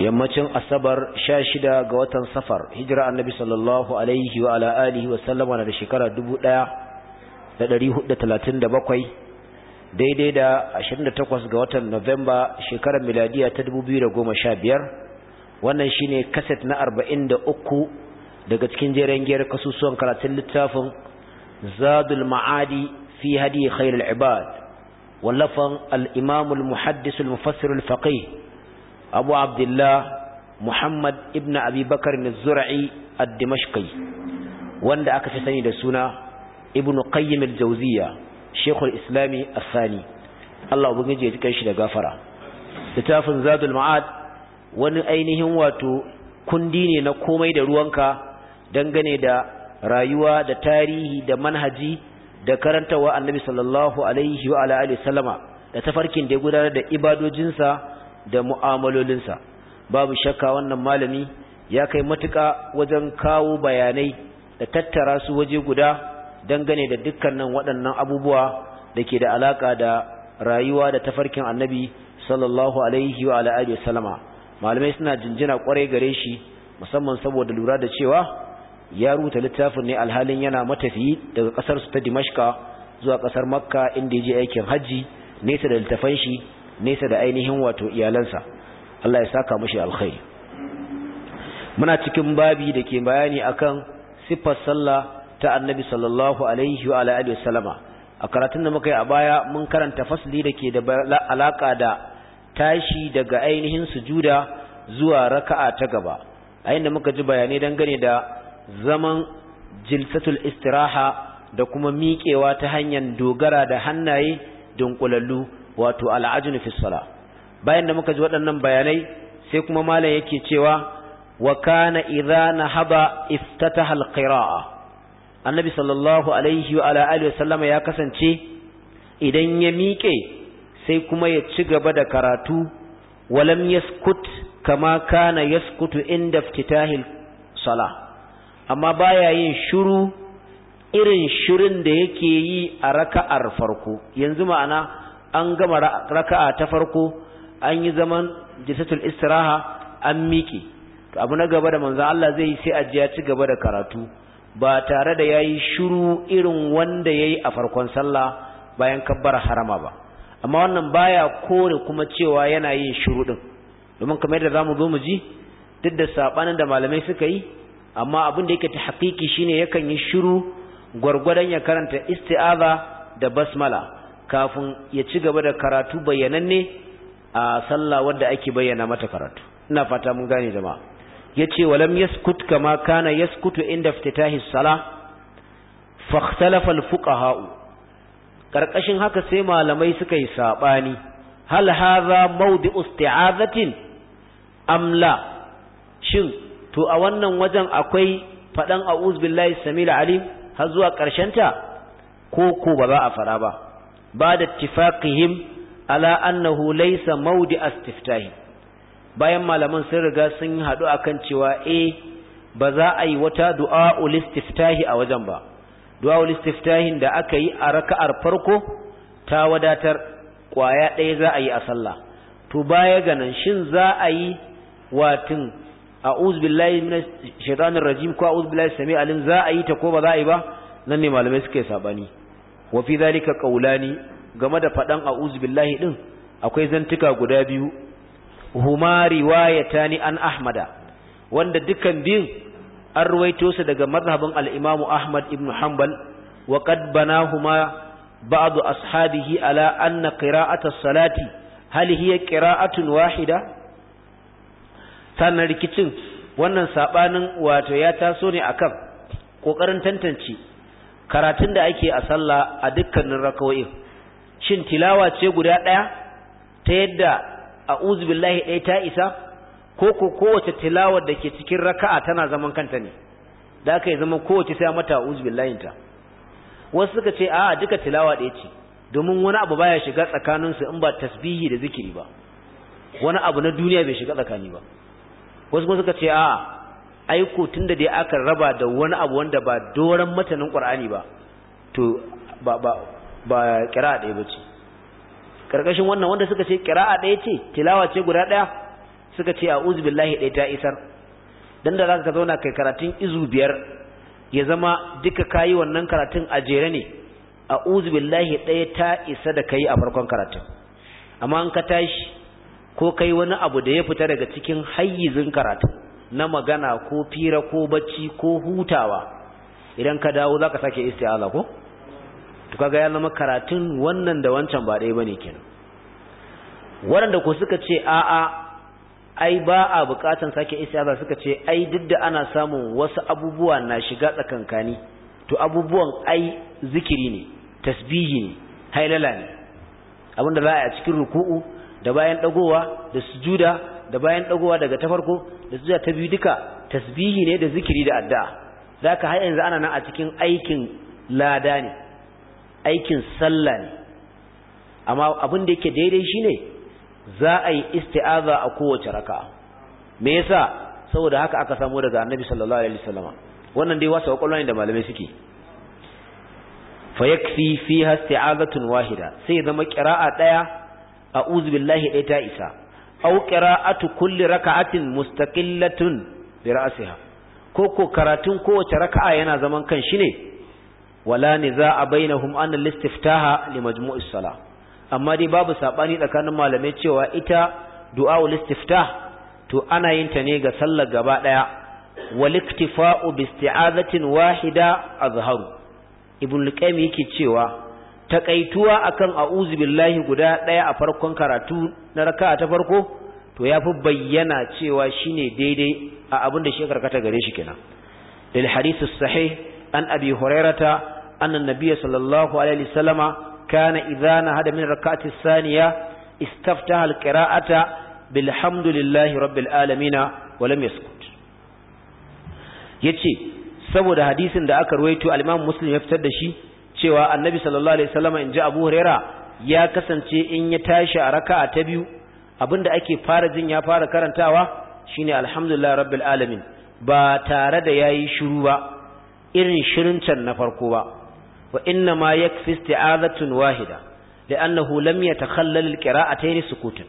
yammacin asabar sha shida ga watan safar hijira annabi sallallahu alaihi wa ala alihi wa sallama na da shekara dubu ɗaya da ɗari hudu talatin da bakwai daidai da ashirin da takwas ga watan novemba shekarar miladiya ta dubu biyu da goma sha biyar wannan shine kaset na arba'in da uku daga cikin jerin giyar kasusuwan karatun littafin zadul ma'adi fi hadi khairul ibad wallafan al-imamul muhaddisul mufassirul faqih abu abdullah muhammad ibn abi bakar zura'i a dimashqi wanda aka fi sani da suna ibn qayyim al-jawziya shekul islami asani Allah ubangiji ya ji kanshi da gafara littafin zadul ma'ad wani ainihin wato kundi ne na komai da ruwanka dangane da rayuwa da tarihi da manhaji da karantawa annabi sallallahu alaihi wa alihi sallama da tafarkin da ya gudanar da ibadojinsa da mu'amalolinsa babu shakka wannan malami ya kai matuƙa wajen kawo bayanai da tattara su waje guda dangane da dukkanin waɗannan abubuwa da ke da alaƙa da rayuwa da tafarkin annabi sallallahu alaihi wa wa salama malamai suna jinjina kwarai gare shi musamman saboda lura da cewa ya rubuta littafin ne alhalin yana matafi daga ƙasarsu su ta Dimashka zuwa ƙasar Makka inda ya je aikin hajji nesa da littafan shi nesa da ainihin wato iyalansa Allah ya saka mushi alkhairi muna cikin babi da ke bayani akan siffar sallah ta annabi sallallahu alaihi wa alihi wasallama a karatun da muka yi a baya mun karanta fasli da ke da alaka da tashi daga ainihin sujuda zuwa raka'a ta gaba a inda muka ji bayanai dangane da zaman jilsatul istiraha da kuma miƙewa ta hanyar dogara da hannaye dunkulallu wato al'ajnu fi sala bayan da muka ji waɗannan bayanai sai kuma malam yake cewa wa kana idza nahaba iftataha al annabi sallallahu alaihi wa ala alihi sallama ya kasance idan ya miƙe sai kuma ya ci gaba da karatu walam yaskut kama kana yaskutu inda iftitahil sala amma baya yin shiru irin shirin da yake yi a raka'ar farko yanzu ma'ana an gama raka'a ta farko an yi zaman jisatul istiraha an miƙe to abu na gaba da manzon Allah zai yi sai a ji ya ci gaba da karatu ba tare da yayi shiru irin wanda yayi a farkon sallah bayan kabbara harama ba amma wannan baya kore kuma cewa yana yin shiru din domin kamar yadda zamu zo mu ji duk da sabanin da malamai suka yi amma abin da yake ta hakiki shine yakan yi shiru gwargwadon ya karanta isti'aza da basmala kafin ya ci gaba da karatu bayyananne a sallah wadda ake bayyana mata karatu ina fata mun gane jama'a yace walam yaskut kama kana yaskutu inda iftitahi salah fa ikhtalafa al-fuqaha karkashin haka sai malamai suka yi sabani hal hadha mawdi isti'azatin am la shin to a wannan wajen akwai fadan a'uz billahi samil alim har zuwa karshen ta ko ko ba za a fara ba ba da tifaqihim ala annahu laysa mawdi astiftahi bayan malaman sun riga sun haɗu kan cewa eh ba za a yi wata du'a ul istiftahi a wajen ba du'a ul istiftahin da aka yi a raka'ar farko ta wadatar kwaya ɗaya za a yi a sallah to baya ga nan shin za a yi watin a'udhu billahi minash shaitanir rajim ko a'udhu billahi sami alim za a yi ta ko ba za a yi ba nan ne malamai suke sabani wa fi zalika ƙaulani game da faɗan a'udhu billahi din akwai zantuka guda biyu huma ni an ahmada wanda dukan biyun an ruwaito su daga mazhabin Al'imamu ahmad ibn hanbal wa qad banahuma ba'd ashabihi ala anna qira'ata salati hal hiya qira'atun wahida sannan rikicin wannan sabanin wato ya taso ne akan kokarin tantance karatun da ake a sallah a dukkanin rakawai shin tilawa ce guda ɗaya ta yadda a uzubillahi ɗaya ta isa ko ko kowace tilawar da ke cikin raka'a tana zaman kanta ne da aka yi zama kowace sai mata a'udhu billahi ta wasu suka ce a duka tilawa ɗaya ce domin wani abu baya shiga tsakaninsu in ba tasbihi da zikiri ba wani abu na duniya bai shiga tsakani ba wasu suka ce a aiko tunda dai aka raba da wani abu wanda ba doran matanin qur'ani ba to ba ba ba ɗaya bace karkashin wannan wanda suka ce kira'a ɗaya ce tilawa ce guda ɗaya suka ce a'udhu billahi ɗaya ta isar dan da zaka zauna kai karatun izu biyar ya zama duka kayi wannan karatun a jere ne a'udhu billahi ɗaya ta isa da kai a farkon karatun amma an ka tashi ko kai wani abu da ya fita daga cikin hayyizin karatun na magana ko fira ko bacci ko hutawa idan ka dawo zaka sake isti'aza ko to kaga ya zama karatun wannan da wancan ba ɗaya bane kenan waɗanda ko suka ce a'a ai ba a bukatan sake istiaza suka ce ai duk da ana samun wasu abubuwa na shiga tsakankani to abubuwan ai zikiri ne tasbihi ne hailala ne abinda za a yi a cikin ruku'u da bayan dagowa da sujuda da bayan dagowa daga ta farko da zuwa ta biyu duka tasbihi ne da zikiri da addu'a zaka har yanzu ana nan a cikin aikin lada ne aikin sallah ne amma abin da yake daidai shine za a yi isti'aza a kowace raka'a me yasa saboda haka aka samu daga annabi sallallahu alaihi wasallama wannan dai wasu kwakwalwa ne da malamai suke fa yakfi fiha isti'azatun wahida sai zama qira'a daya a'udhu billahi ɗaya ta isa aw qira'atu kulli raka'atin mustaqillatun bi ra'siha ko ko karatun kowace raka'a yana zaman kan shi ne wala niza'a bainahum an al-istiftaha li majmu'is salah amma dai babu sabani tsakanin malamai cewa ita du'a'ul istiftah to ana yin ta ne ga sallar gaba daya wal iktifa'u bi isti'azatin wahida azharu ibn al-qayyim yake cewa takaituwa akan a'udhu billahi guda daya a farkon karatu na raka'a ta farko to yafi bayyana cewa shine daidai a abin da shi karkata gare shi kenan lil hadith sahih an abi hurairata anna nabiy sallallahu alaihi wasallama kana idza nahada min raka'ati thaniya istaftaha alqira'ata bilhamdulillahi rabbil alamin wa lam yaskut yace saboda hadisin da aka ruwaito al-imam muslim ya fitar da shi cewa annabi sallallahu alaihi wasallam in ji abu huraira ya kasance in ya tashi a raka'a ta biyu abinda ake fara jin ya fara karantawa shine alhamdulillah rabbil alamin ba tare da yayi shiru ba irin shirin can na farko ba wa inna ma yakfi isti'azatun wahida li'annahu lam yatakhallal alqira'atayn sukutun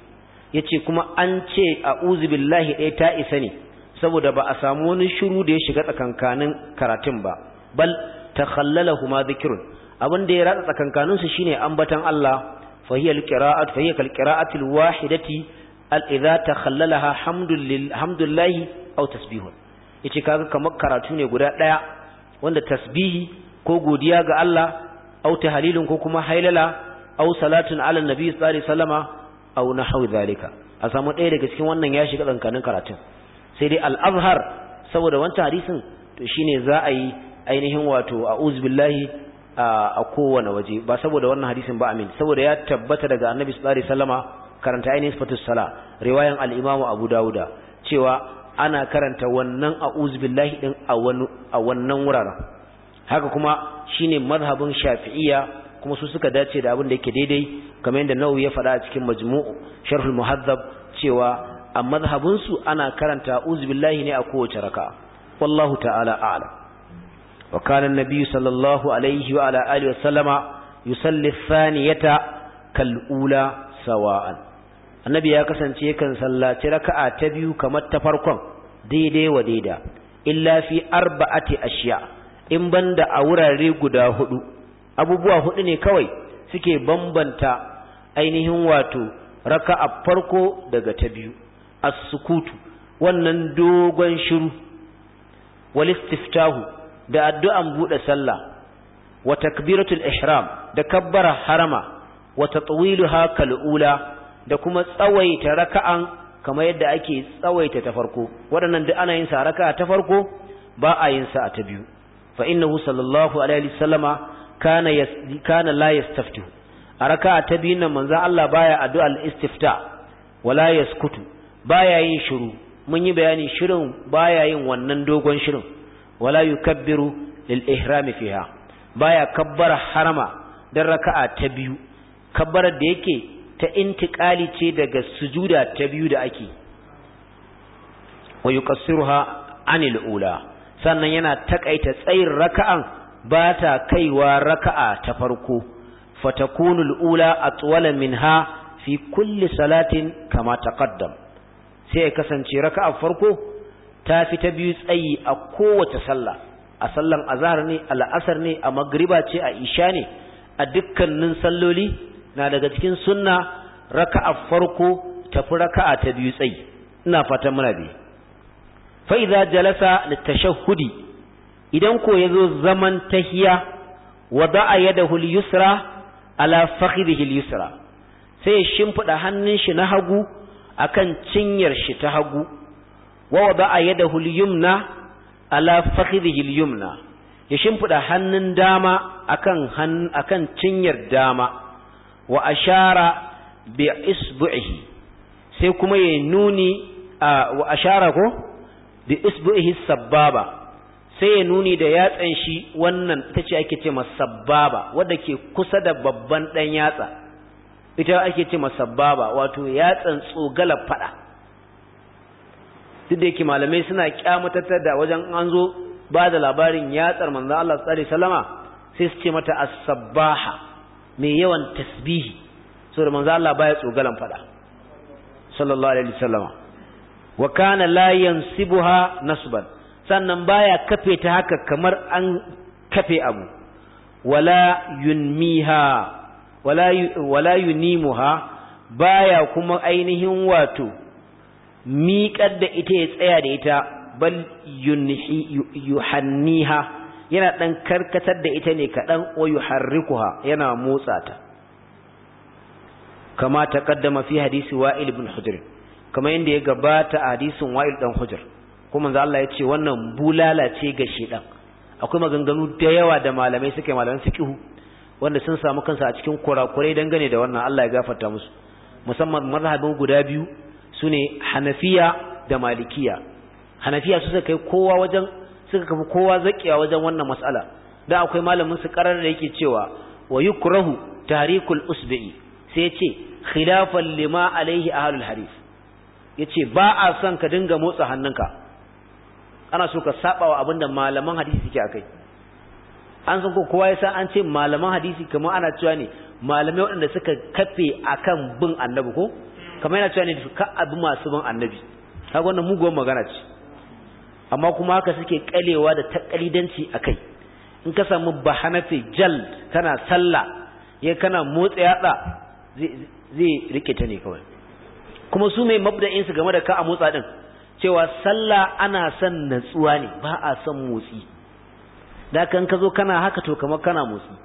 yace kuma an ce uzu billahi ɗaya ta isa ne saboda ba a samu wani shiru da ya shiga tsakankanin karatun ba bal takhallalahu ma dhikrun abin da ya ratsa tsakankanin shine ambatan Allah fa hiya alqira'at fa wahidati al-idha takhallalaha hamdulillah hamdulillahi aw tasbihun yace kaga kamar karatu ne guda daya wanda tasbihi ko godiya ga Allah aw tahlilun ko kuma hailala aw salatun ala nabi sallallahu alaihi wasallama aw nahwu zalika a samu ɗaya daga cikin wannan ya shiga tsankanin karatun sai dai al-azhar saboda wancan hadisin to shine za a yi ainihin wato a'udhu billahi a kowane waje ba saboda wannan hadisin ba amin saboda ya tabbata daga annabi sallallahu alaihi karanta ainihin sifatus sala riwayan al-imamu abu Dawuda cewa ana karanta wannan a'udhu billahi din a wannan wuraren haka kuma shine mazhabin shafi'iyya kuma su suka dace da abin da yake daidai kamar yadda Nawawi ya faɗa a cikin majmu'u sharhul muhazzab cewa a mazhabinsu ana karanta a'udhu billahi ne a kowace raka'a wallahu ta'ala a'lam وكان النبي صلى الله عليه وعلى آله وسلم يصلي الثانية كالأولى سواء النبي ta كسانتي كان صلى ركعة تبيو كما تفرقون ديدي وديدا إلا في أربعة أشياء in banda a wurare guda hudu abubuwa huɗu ne kawai suke bambanta ainihin wato raka'a farko daga ta biyu A sukutu wannan dogon shiru wal istiftahu da addu'an buɗe sallah wata takbiratul ihram da kabbara harama wata tatwiluha kal ula da kuma tsawaita raka'an kamar yadda ake tsawaita ta farko waɗannan duk ana yin sa raka'a ta farko ba a yin sa ta biyu fa innahu sallallahu alaihi wasallama kana kana la yastafti a raka'a ta biyu nan manzon Allah baya addu'a al-istifta wala yaskutu baya yin shiru mun yi bayani shirin baya yin wannan dogon shirin wala yukabbiru lil ihrami fiha baya kabbara harama dan raka'a ta biyu kabbara da yake ta intiqali ce daga sujuda ta biyu da ake wa yuqassiruha anil ula sannan yana taƙaita tsayin raka'an ba ta kaiwa raka'a ta farko fatakunul ula atwala minha fi kulli salatin kama taqaddam sai ya kasance raka'ar farko ta fi ta biyu tsayi a kowace sallah a sallan azhar ne a la'asar ne a magriba ce a isha ne a dukkanin salloli na daga cikin sunna raka'a farko tafi raka'a ta biyu tsayi ina fatan muna bi fa idza jalasa litashahhudi idan ko yazo zaman tahiya wada'a yadahu liyusra ala fakhidhihi liyusra yusra sai shimfida hannun shi na hagu akan cinyar shi ta hagu wa a yadda al-yumna ala fakhidhihi al-yumna ya shimfida hannun dama akan kan cinyar dama wa ashara bi isbu'ihi sai kuma ya nuni wa ashara ko bi isbu'ihi sababa sai ya nuni da ya tsanshi wannan ita ce ake ce sababa wadda ke kusa da babban dan yatsa ita ake ce sababa wato yatsan gala fada duk da yake malamai suna kyamatar da wajen an zo ba da labarin yatsar manzo Allah tsare salama sai su ce mata as-sabbaha mai yawan tasbihi saboda manzo Allah baya tsogalan fada sallallahu alaihi wasallama wa kana la yansibuha nasban sannan baya kafe ta haka kamar an kafe abu wala yunmiha wala wala yunimuha baya kuma ainihin wato miƙar da ita ya tsaya da ita bal yuhanniha yana ɗan karkatar da ita ne kaɗan o yuharrikuha yana motsa ta kama ta ƙaddama fi hadisi wa'il ibn hujr kama inda ya gabata a hadisin wa'il ɗan hujr kuma manzo Allah ya ce wannan bulala ce ga shedan akwai maganganu da yawa da malamai suke malaman fiqh wanda sun samu kansa a cikin kurakurai dangane da wannan Allah ya gafarta musu musamman mazhabin guda biyu su ne hanafiya da malikiya hanafiya su suka kai kowa wajen suka kafa kowa zakiya wajen wannan mas'ala da akwai malamin su karar da yake cewa wa yukrahu tarikul usbi'i sai ce khilafan lima alaihi ahlul hadith yace ba a son ka dinga motsa hannunka ana so ka saba wa abinda malaman hadisi suke akai an san ko kowa yasa an ce malaman hadisi kamar ana cewa ne malamai waɗanda suka kafe akan bin annabi ko kamar yana cewa ne ka abu masu ban annabi kaga wannan muguwar magana ce amma kuma haka suke kalewa da takalidanci a kai in ka samu bahanafe jal kana sallah ya kana motsa yatsa zai rike ta ne kawai kuma su mai mabda'in su game da ka a motsa din cewa sallah ana son natsuwa ne ba a son motsi da kan ka zo kana haka to kamar kana motsi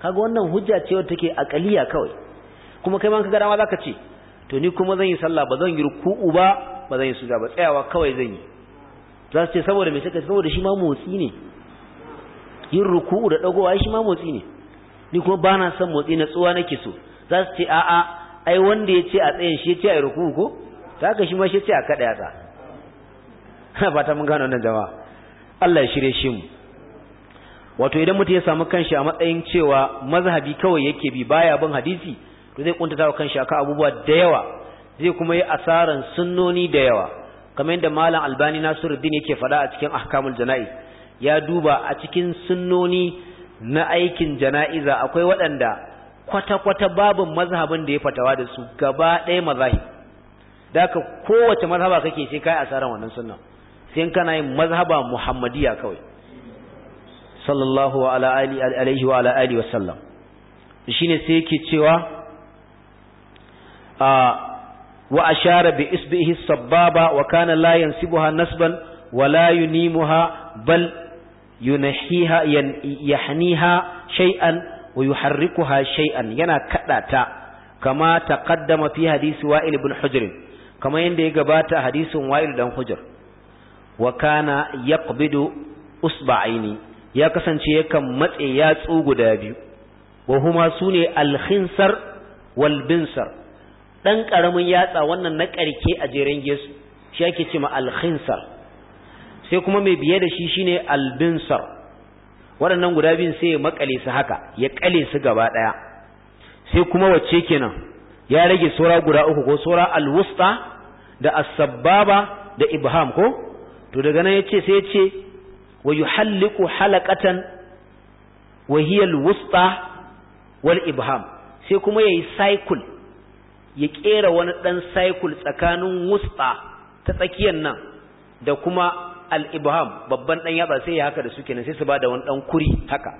kaga wannan hujja ce wadda take akaliya kawai kuma kai ma ka ga dama zaka ce to ni kuma zan yi sallah ba zan yi ruku'u ba ba zan yi sujuda ba tsayawa kawai zan yi za su ce saboda me suka saboda shi ma motsi ne yin ruku'u da dagowa shi ma motsi ne ni kuma ba na son motsi na tsuwa nake so za su ce a'a ai wanda ya ce a tsayin shi ya ce a yi ruku'u ko ta haka shi ma shi ya ce a kaɗa yatsa ana fata mun gano wannan jama'a Allah ya shirye shi mu wato idan mutum ya samu kanshi a matsayin cewa mazhabi kawai yake bi baya bin hadisi to zai kuntata wa kanshi akan abubuwa da yawa zai kuma yi asaran sunnoni da yawa kamar yadda malam albani nasiruddin yake faɗa a cikin ahkamul jana'iz ya duba a cikin sunnoni na aikin jana'iza akwai waɗanda kwata-kwata babu mazhabin da ya fatawa da su gaba ɗaya mazahi da ka kowace mazhaba kake sai kai asaran wannan sunna sai kana yin mazhaba muhammadiya kawai sallallahu alaihi wa alihi wa sallam shine sai yake cewa wa ashara bi isbihi sababa wa kana la yansibuha nasban wa la yunimuha bal yunahiha yahniha shay'an wa yuharrikuha shay'an yana kadata kama taqaddama fi hadisi wa'il ibn hujr kama yanda ya gabata hadisin wa'il dan hujr wa kana yaqbidu usba'aini ya kasance yakan matse yatsu guda biyu wa huma sune alkhinsar wal binsar ɗan ƙaramin yatsa wannan na ƙarke a jeren gesu shi ake ce ma alkhinsar sai kuma mai biye da shi shine albinsar waɗannan guda biyun sai ya makale su haka ya kale su gaba ɗaya sai kuma wacce kenan ya rage sora guda uku ko sora alwusta da asabbaba da ibham ko to daga nan yace sai yace wa yuhalliqu halaqatan wa hiya alwusta wal ibham sai kuma yayi cycle ya kera wani ɗan cycle tsakanin wusta ta tsakiyar nan da kuma al-ibham babban dan yaba sai ya haka da suke nan sai su bada wani dan kuri haka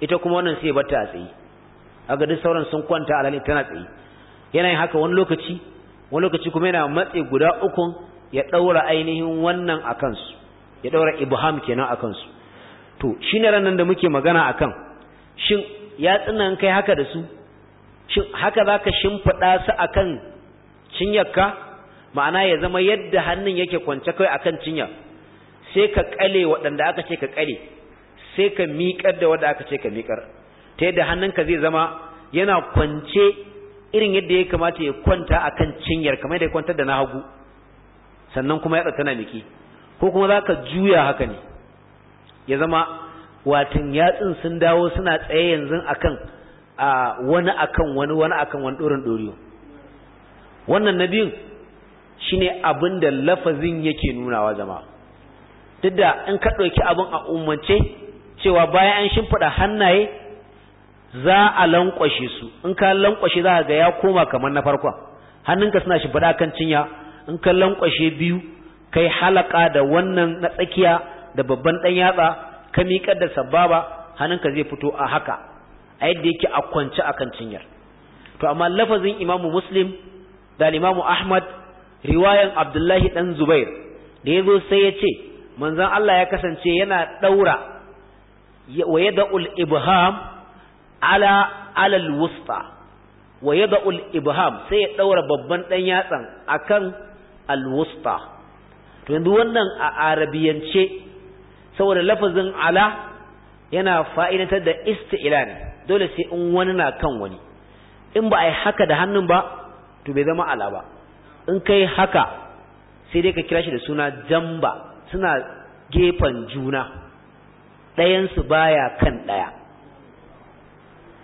ita kuma wannan sai bata a tsayi aga duk sauran sun kwanta alhali tana tsayi yana yin haka wani lokaci wani lokaci kuma yana matse guda ukun ya daura ainihin wannan akan su ya daura ibham kenan akan su to shine ranan da muke magana akan shin ya tsinan kai haka da su haka za ka shimfiɗa su a kan cinyarka ma'ana ya zama yadda hannun yake kwance kawai a kan cinyar, sai ka ƙale waɗanda aka ce ka ƙale sai ka miƙar da waɗanda aka ce ka miƙar ta yadda hannunka zai zama yana kwance irin yadda ya kamata ya kwanta a kan cinyar kamar da ya kwantar da na hagu sannan kuma ya tana miki ko kuma za ka juya haka ne ya zama watan yatsun sun dawo suna tsaye yanzu akan a wani akan wani wani akan wani dorin doriyo wannan na shine abinda lafazin yake nunawa zama. duk da in ka ɗauki abin a ummance cewa bayan an shimfiɗa hannaye za a lankwashe su in ka lankwashe za ga ya koma kamar na farkon hannunka suna shimfiɗa kan cinya in ka lankwashe biyu kai halaka da wannan na tsakiya da babban ɗan yatsa ka miƙar da sababa hannunka zai fito a haka a yadda yake a kwance akan cinyar to amma lafazin imamu muslim da imamu ahmad riwayan abdullahi dan zubair da yazo sai ya ce manzon Allah ya kasance yana daura wa ul ibham ala alal wusta wa ul ibham sai ya daura babban dan yatsan akan alwusta, wusta to yanzu wannan a arabiyance saboda lafazin ala yana fa'idatar da isti'la dole sai in wani na kan wani in ba a yi haka da hannun ba to bai zama ala ba in ka yi haka sai dai ka kira shi da suna jamba suna gefen juna ɗayansu baya kan ɗaya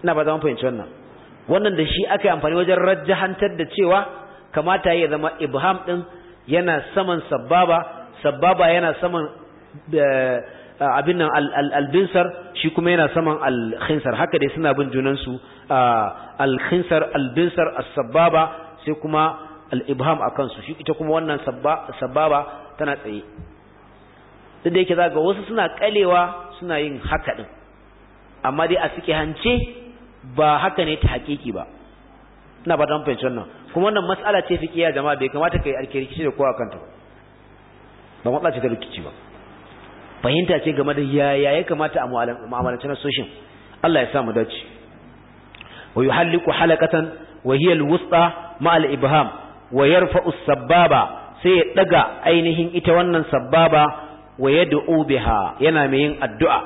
ina ba zama fahimci wannan wannan da shi aka yi amfani wajen rajahantar da cewa kamata ya zama ibham ɗin yana saman sababa sababa yana saman eh, Ah, abin nan albinsar shi kuma yana saman alkhinsar haka dai suna bin junansu ah, alkhinsar albinsar as-sababa sai kuma al-ibham akan su shi ita kuma wannan sababa tana tsaye duk da yake ga wasu suna kalewa suna yin haka din amma dai a suke hance ba haka ne ta hakiki ba ina ba don fahimci wannan kuma wannan matsala ce fikiya jama'a bai kamata kai alkirkici da kowa kanta ba ba matsala ce ta rikici ba fahimta ce game da yaya ya kamata a mu'amalance soshin. Allah ya sa mu dace wa yuhalliqu halaqatan wa hiya alwusta ma ibham wa yarfa'u sababa sai ya daga ainihin ita wannan sababa wa yad'u biha yana mai yin addu'a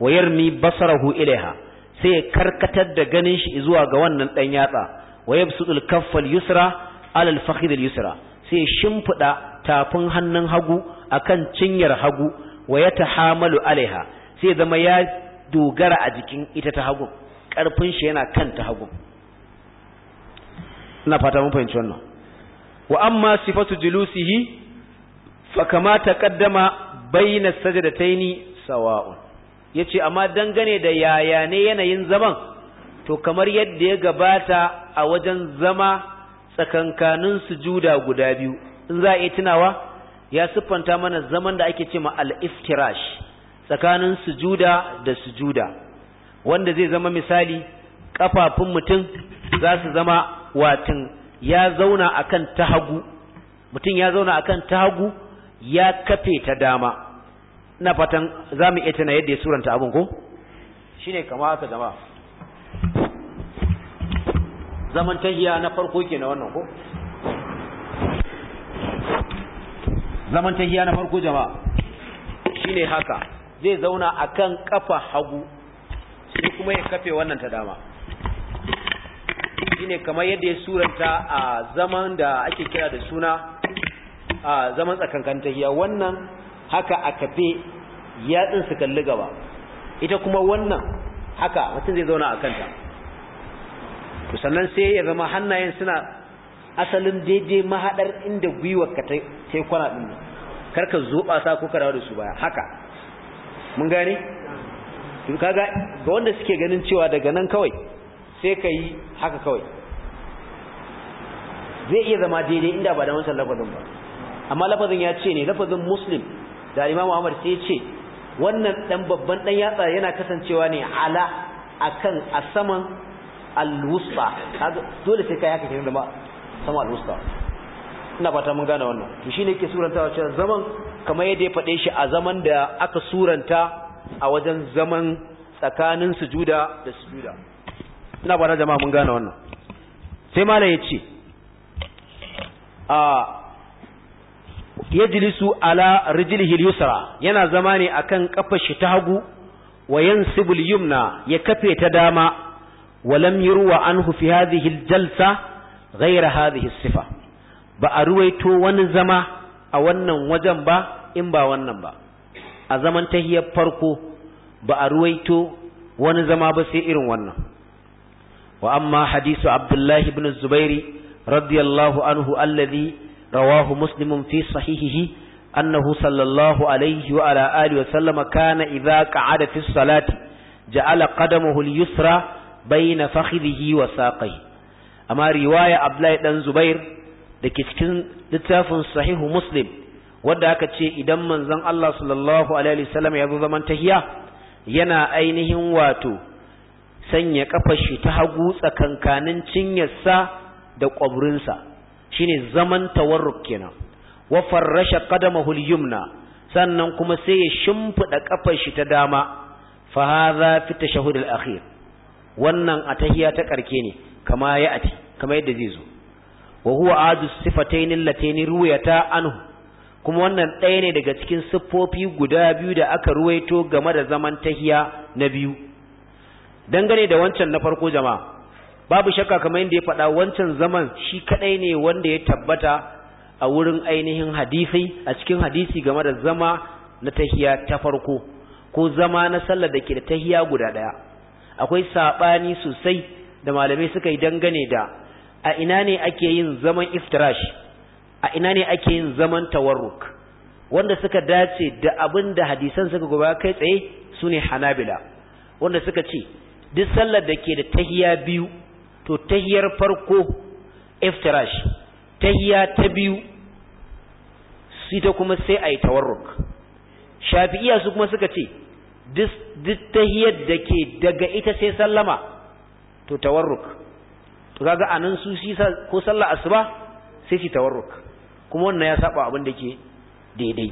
wa yarmi basarahu ilaiha sai ya karkatar da ganin shi zuwa ga wannan dan yatsa wa yabsutul kaffal yusra ala al-fakhidil yusra sai ya shimfida tafin hannun hagu akan cinyar hagu wa ya tahamalu alaiha sai zama ya dogara a jikin ita ta hagu karfin shi yana kan ta hagu ina fata mun fahimci wannan wa amma sifatu julusihi fa kama taqaddama baina sajdataini sawa'un yace amma dangane da yaya ne yanayin zaman to kamar yadda ya gabata a wajen zama tsakankanin sujuda guda biyu in za a yi tunawa ya siffanta mana zaman da ake cewa al-iftirash tsakanin sujuda da sujuda wanda zai zama misali kafafun mutum za su zama watin ya zauna akan tahagu mutum ya zauna akan tahagu ya kafe ta dama ina fatan za mu iya tana yadda ya suranta abin ko shine kama haka jama'a zaman tahiya na farko kenan wannan ko zaman tahiya na farko jama'a shine haka zai zauna akan kafa hagu sai kuma ya kafe wannan ta dama shine kamar yadda ya suranta a zaman da ake kira da suna a zaman tsakankan tahiya wannan haka a kafe yatsin su kalli gaba ita kuma wannan haka mutum zai zauna a kanta to sannan sai ya zama hannayen suna asalin daidai mahadar inda gwiwar ka ta kwana ɗin kar ka zuba sa ko karawa da su baya haka mun gane to kaga ga wanda suke ganin cewa daga nan kawai sai ka yi haka kawai zai iya zama daidai inda ba da wancan lafazin ba amma lafazin ya ce ne lafazin muslim da imam Muhammad sai ya ce wannan dan babban dan yatsa yana kasancewa ne ala akan a saman al dole sai kai haka kenan da ba sama al-wusta ina fata mun gane wannan to shine yake surantawa cewa zaman kamar yadda ya faɗe shi a zaman da aka suranta a wajen zaman tsakanin sujuda da sujuda ina fata jama'a mun gane wannan sai malam ya ce a yajlisu ala rijlihi al-yusra yana zama ne akan kafar shi ta hagu wa yansibul yumna ya kafe ta dama ولم يروى عنه في هذه الجلسة غير هذه sifah ba a ruwaito wani zama a wannan wajen ba in ba wannan ba a zaman tahiyar farko ba a ruwaito wani zama ba sai irin wannan wa amma hadisu abdullahi ibn zubairi radiyallahu anhu alladhi rawahu muslimun fi sahihihi annahu sallallahu alaihi wa ala alihi wa sallama kana idza qa'ada fi salati ja'ala qadamahu al-yusra bayna fakhidhihi wa saqihi amma riwaya abdullahi dan zubair da ke cikin littafin sahihu muslim wadda aka ce idan manzon Allah sallallahu alaihi wasallam ya zo zaman tahiya yana ainihin wato sanya kafar shi ta hagu tsakankanin cinyarsa da kwabrinsa shine zaman tawarruk kenan wa farrasha qadamahu al-yumna sannan kuma sai ya shimfida kafar shi ta dama fa hadha fi tashahhud al-akhir wannan a tahiya ta karke ne kama ya ati kama yadda zai zo wa huwa adu sifatayn allatayn ruwayata anhu kuma wannan ɗaya ne daga cikin siffofi guda biyu da aka ruwaito game da zaman tahiya na biyu dangane da wancan na farko jama'a babu shakka kamar yadda ya faɗa wancan zaman shi kaɗai ne wanda ya tabbata a wurin ainihin hadisi a cikin hadisi game da zama na tahiya ta farko ko zama na sallar da ke da tahiya guda ɗaya akwai saɓani sosai da malamai suka yi dangane da a ina ne ake yin zaman iftirash a ina ne ake yin zaman tawarruk wanda suka dace da abin da hadisan suka gaba kai tsaye su ne hanabila wanda suka ce duk sallar da ke da tahiya biyu to tahiyar farko iftirash tahiya ta biyu sai ta kuma sai a tawarruk shafi'iya su kuma suka ce duk tahiyar da ke daga ita sai sallama to tawarruk to kaga anan su shi ko sallar asuba sai shi tawarruk kuma wannan ya saba abin da ke daidai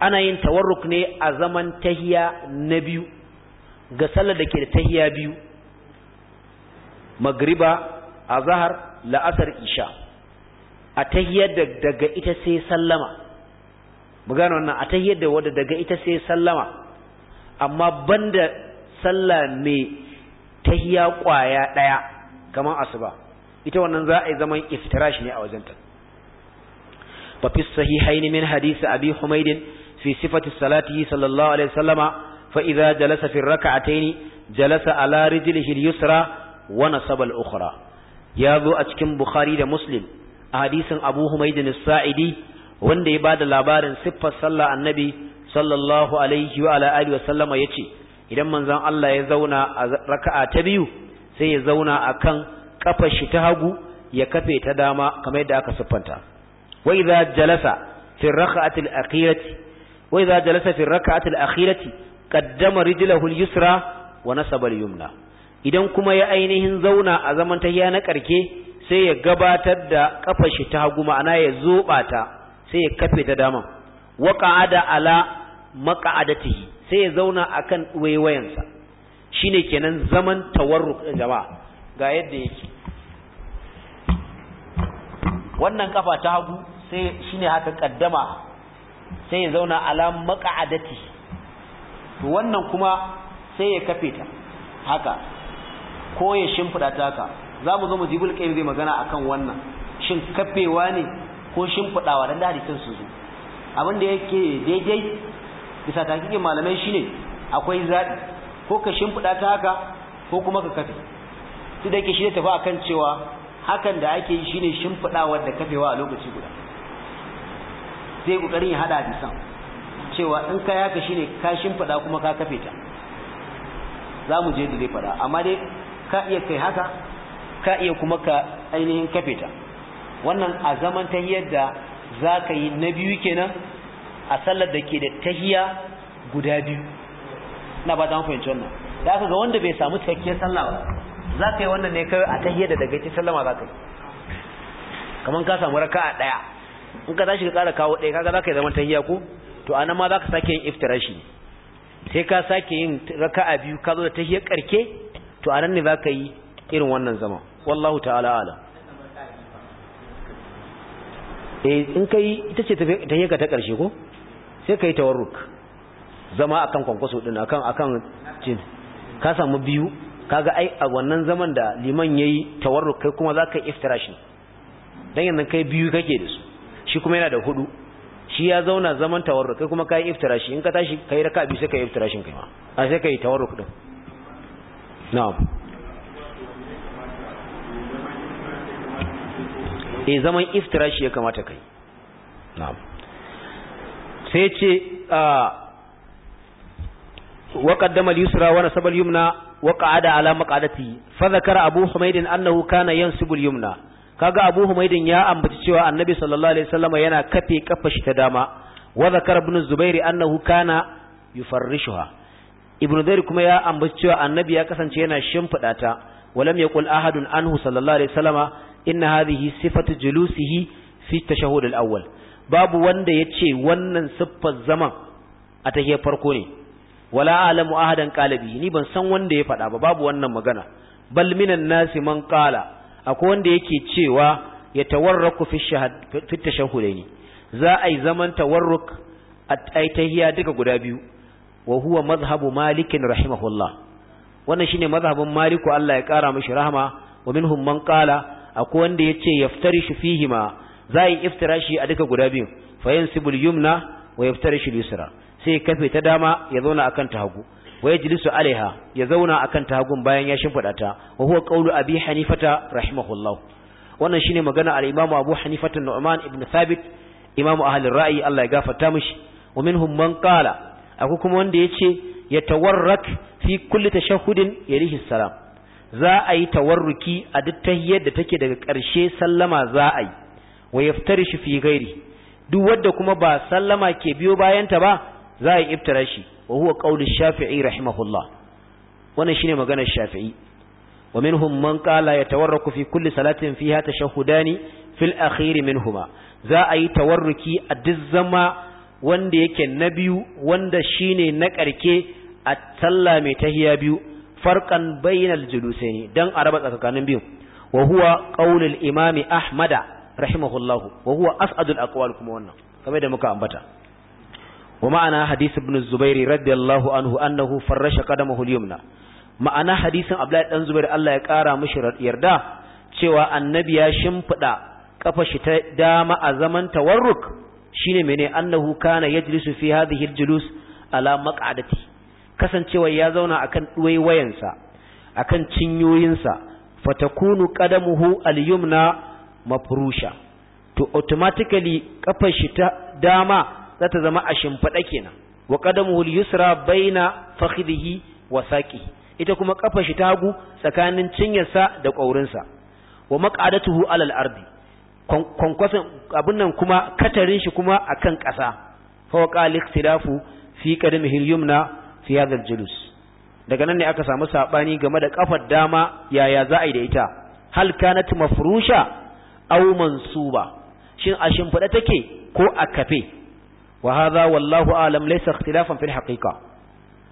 ana yin tawarruk ne a zaman tahiya na biyu ga sallar da ke da tahiya biyu magriba azhar la'asar isha a tahiyar da daga ita sai sallama mu gane wannan a tahiyar da wadda daga ita sai sallama amma banda sallah mai tahiya kwaya daya kamar asuba ita wannan za a yi zaman iftirash ne a wajen ta. fa fi sahihaini min hadisi abi humaid fi sifati salatihi sallallahu alaihi wasallama fa idza jalasa fi rak'ataini jalasa ala rijlihi al-yusra wa nasaba al-ukhra ya zo a cikin bukhari da muslim a hadisin abu humaid as-sa'idi wanda ya bada labarin siffar sallah annabi sallallahu alaihi wa ala alihi wasallama yace idan manzon Allah ya zauna a raka'a ta biyu sai ya zauna akan kafar shi ta hagu ya kafe ta dama kamar yadda aka siffanta wai za jalasa fi rak'ati al-akhirati wai za jalasa fi rak'ati akhirati qaddama rijlahu al-yusra wa nasaba al-yumna idan kuma ya ainihin zauna a zaman tahiya na karke sai ya gabatar da kafar shi ta hagu ma'ana ya zoba sai ya kafe ta dama wa qa'ada ala maq'adatihi sai ya zauna akan waiwayansa shine kenan zaman tawarruk da jama'a ga yadda yake wannan kafa ta hagu sai shine haka kaddama sai ya zauna ala maq'adati to wannan kuma sai ya kafe ta haka ko ya shimfida ta haka zamu zo mu jibul qayyim zai magana akan wannan shin kafewa ne ko shimfidawa dan da hadisin su zo abin da yake daidai bisa takikin malamai shine akwai zabi ko ka shimfiɗa ta haka ko kuma ka kafe su da yake shi tafi a kan cewa hakan da ake yi shi ne shimfiɗa wadda kafewa a lokaci guda sai ƙoƙarin ya haɗa bisan cewa in ka haka ne ka shimfiɗa kuma ka kafe ta za mu je da zai faɗa amma dai ka iya kai haka ka iya kuma ka ainihin kafe ta wannan a zaman ta yadda za ka yi na biyu kenan a sallar da ke da tahiya guda biyu na ba ta fahimci wannan da aka ga wanda bai samu cikakkiyar sallah ba za ka yi wannan ne kawai a tahiyar da daga sallama za ka yi kamar ka samu raka a daya in ka tashi ka ƙara kawo ɗaya kaga za ka yi zaman tahiya ko to a nan ma za ka sake yin iftirashi sai ka sake yin raka a biyu ka zo da tahiyar ƙarke to a nan ne za ka yi irin wannan zama wallahu ta'ala alam eh in kai ita ce tahiyar ka ta ƙarshe ko sai ka yi tawarruk zama akan kwankwaso din akan akan cin ka samu biyu kaga ai a wannan zaman da liman yayi tawarruk kai kuma zaka iftirashi dan yannan kai biyu kake da su shi kuma yana da hudu shi ya zauna zaman tawarruk kai kuma kai iftirashi in ka tashi kai raka biyu sai kai iftirashin kai ma a sai kai tawarruk din na'am eh zaman iftirashi ya kamata kai na'am sai ce a ah, وقدم اليسرى ونسب اليمنى وقعد على مقعدته فذكر أبو حميد أنه كان ينسب اليمنى kaga Abu Humaydin ya ambaci cewa Annabi sallallahu alaihi wasallam yana kafe kafa ta dama wa zakar ibn Zubairi annahu kana yufarrishuha Ibn kuma ya ambaci cewa Annabi ya kasance yana shimfiɗata ta walam yaqul ahadun anhu sallallahu alaihi wasallama inna hadhihi sifatu julusihi fi tashahhud al-awwal babu wanda ya ce wannan siffar zaman a tahiyar farko ne wala alamu ahadan qalabi ni ban san wanda ya faɗa ba babu wannan magana bal minan nasi man qala akwai wanda yake cewa ya tawarraku fi shahad fi tashahhudaini za a yi zaman tawarruk a hiya duka guda biyu wa huwa madhhabu malikin rahimahullah wannan shine mazhabin maliku Allah ya kara mishi rahama wa minhum man qala akwai wanda yace yaftarishu fihima za a yi iftirashi a duka guda biyu fa yansibul yumna wa yaftarishu al-yusra sai kafe ta dama ya zauna akan ta hagu wa jilisu alaiha ya zauna akan ta hagun bayan ya shimfada ta wa huwa qawlu abi hanifata rahimahullah wannan shine magana al imamu abu hanifata nu'man ibn thabit imam ahli ra'yi Allah ya gafarta mishi wa minhum man qala akwai kuma wanda yace yatawarrak fi kulli tashahhudin yalihi salam za a yi tawarruki a duk tahiyyar da take daga karshe sallama za a yi wa yaftarishu fi ghairi duk wanda kuma ba sallama ke biyo bayan ta ba za a iftara shi wa huwa qawlu shafi'i rahimahullah wannan shine maganar shafi'i wa minhum man qala yatawarraku fi kulli salatin fiha tashahhudani fil akhir minhuma za a yi tawarruki a duk zama wanda yake na biyu wanda shine na karke a talla mai tahiya biyu farqan bainal julusaini dan araba tsakanin biyu wa huwa qaulul imami ahmada rahimahullahu wa huwa as'adul aqwal kuma wannan kamar da muka ambata ومعنى حديث ابن الزبير رضي anhu عنه أنه فرش قدمه ma'ana hadisin Abdullahi dan Zubair Allah ya kara mishi yarda cewa annabi ya shimfida kafar shi ta dama a zaman tawarruk shine mene annahu kana yajlisu fi hadhihi aljulus ala maq'adati kasancewa ya zauna akan duwaiwayensa akan cinyoyinsa fatakunu qadamuhu alyumna mafurusha to automatically kafar shi ta dama za ta zama a shimfiɗa kenan wa qadamuhu yusra baina fakhidhihi wa saqi ita kuma kafa shi tagu tsakanin cinyarsa da ƙaurinsa wa maqadatuhu alal ardi kwankwasan abin nan kuma katarin shi kuma akan ƙasa fa wa qali ikhtilafu fi qadamihi yumna fi hadha julus daga nan ne aka samu sabani game da kafar dama yaya za a yi da ita hal kanat mafrusha aw mansuba shin a shimfiɗa take ko a kafe wa hadha wallahu alam laysa ikhtilafan fil haqiqa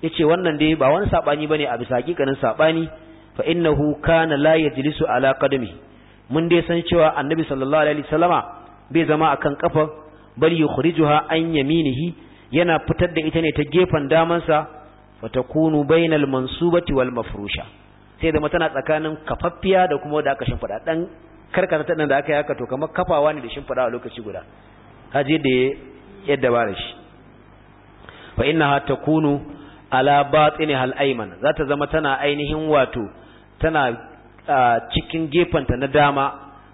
yace wannan dai ba wani sabani bane a bisa hakikanin sabani fa innahu kana la yajlisu ala qadami mun dai san cewa annabi sallallahu alaihi wasallama bai zama akan kafa bal yukhrijuha an yaminihi yana fitar da ita ne ta gefen damansa fatakunu bainal mansubati wal mafrusha sai da tana tsakanin kafaffiya da kuma da aka shimfida dan karkata ta da aka yi haka to kamar kafawa ne da shimfida a lokaci guda haje da yadda ba da shi fa ta kunu ala batini hal ayman za ta zama tana ainihin wato tana cikin gefanta na dama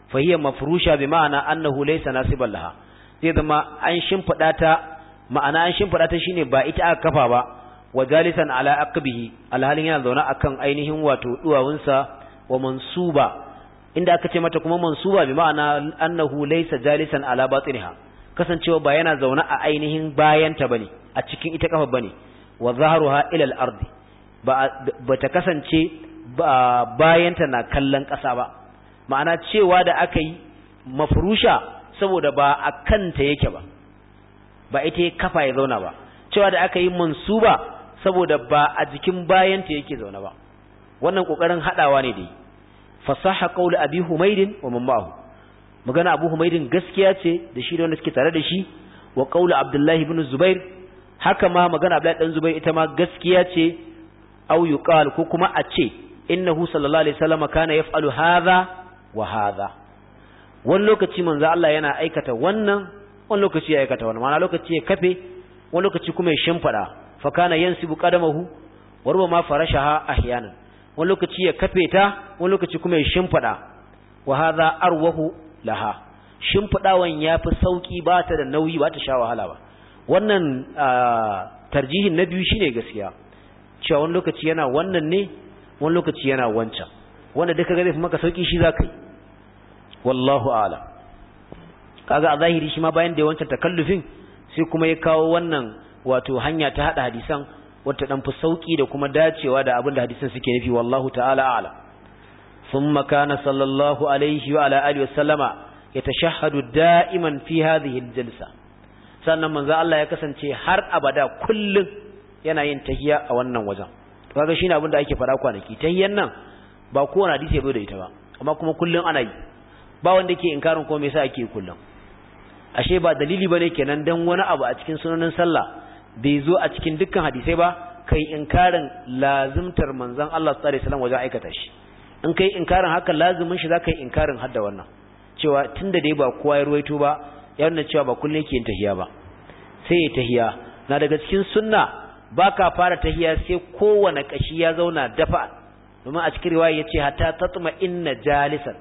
fa hiya mafrusha bi ma'ana annahu laysa nasiban laha zai zama an shimfada ta ma'ana an shimfada ta shine ba ita aka kafa ba wa jalisan ala aqbihi alhalin yana zauna akan ainihin wato duwawunsa wa mansuba inda aka ce mata kuma mansuba bi ma'ana annahu laysa jalisan ala batiniha kasancewa ba yana zaune a ainihin bayanta bane a cikin ita kafa bane wa zaharuha ila al-ardi ba ta kasance bayanta na kallon ƙasa ba ma'ana cewa da aka yi mafurusha saboda ba a kanta yake ba ba ita ya kafa ya zauna ba cewa da aka yi mansuba saboda ba a jikin bayanta yake zaune ba wannan kokarin haɗawa ne dai fasaha qawl abi humaydin wa mamahu magana abu humaidin gaskiya ce da shi da wanda suke tare da shi wa qaula abdullahi ibn zubair haka ma magana abdullahi dan zubair ita ma gaskiya ce aw yuqal ko kuma a ce innahu sallallahu alaihi wasallam kana yaf'alu hadha wa hadha wani lokaci manzo Allah yana aikata wannan wani lokaci ya aikata wannan ma'ana lokaci ya kafe wani lokaci kuma ya shimfada fa kana yansibu qadamahu wa rubama farashaha ahyanan wani lokaci ya kafe ta wani lokaci kuma ya shimfada wa hadha arwahu laha shimfiɗawan ya fi sauƙi ba ta da nauyi ba ta sha wahala ba wannan tarjihin na biyu shine gaskiya cewa wani lokaci yana wannan ne wani lokaci yana wancan wanda duka ga zai maka sauƙi shi za ka yi wallahu alam kaga a zahiri shi ma bayan da ya wancan takallufin sai kuma ya kawo wannan wato hanya ta haɗa hadisan wata ɗan fi sauƙi da kuma dacewa da abinda hadisan suke nufi wallahu ta'ala alam ثم كان صلى الله عليه وعلى آله وسلم يتشهد دائما في هذه الجلسة sannan manzo Allah ya kasance har abada kullum yana yin tahiya a wannan wajen To kaga shine abin da ake fara kwanaki tahiyan nan ba wani hadisi bai da ita ba amma kuma kullum ana yi ba wanda yake inkarin ko me yasa ake kullum ashe ba dalili bane kenan dan wani abu a cikin sunanin sallah bai zo a cikin dukkan hadisai ba kai inkarin lazimtar manzon Allah sallallahu alaihi wasallam wajen aikata shi in kai inkarin haka lazumin shi ka yi inkarin hadda wannan cewa tunda dai ba kowa ya ruwaito ba ya wannan cewa ba kullun yake yin tahiya ba sai ya tahiya na daga cikin sunna baka fara tahiya sai kowane kashi ya zauna dafa domin a cikin riwaya yace hatta tatma inna jalisan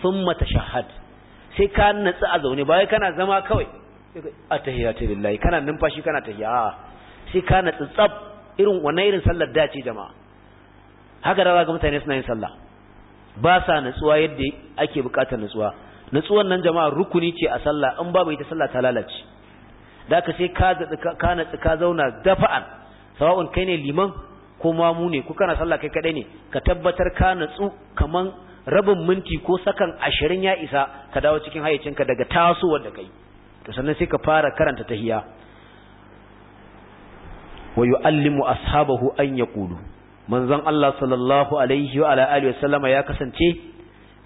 thumma tashahhad sai ka natsu a zaune ba kana zama kawai a tahiya ta lillahi kana numfashi kana tahiya sai ka natsu tsab irin wannan irin sallar dace jama'a haka da ga mutane suna yin sallah ba sa natsuwa yadda ake bukatar natsuwa natsuwan nan jama'a rukuni ce a sallah in babu ita sallah ta lalace da ka sai ka natsu ka zauna dafa'an sawa'un kai ne liman ko mamu ne ko kana sallah kai kadai ne ka tabbatar ka natsu kaman rabin minti ko sakan ashirin ya isa ka dawo cikin hayyacinka daga tasowar da kai to sannan sai ka fara karanta tahiya wa yu'allimu ashabahu an yaqulu manzon Allah sallallahu alaihi wa ala alihi wasallama ya kasance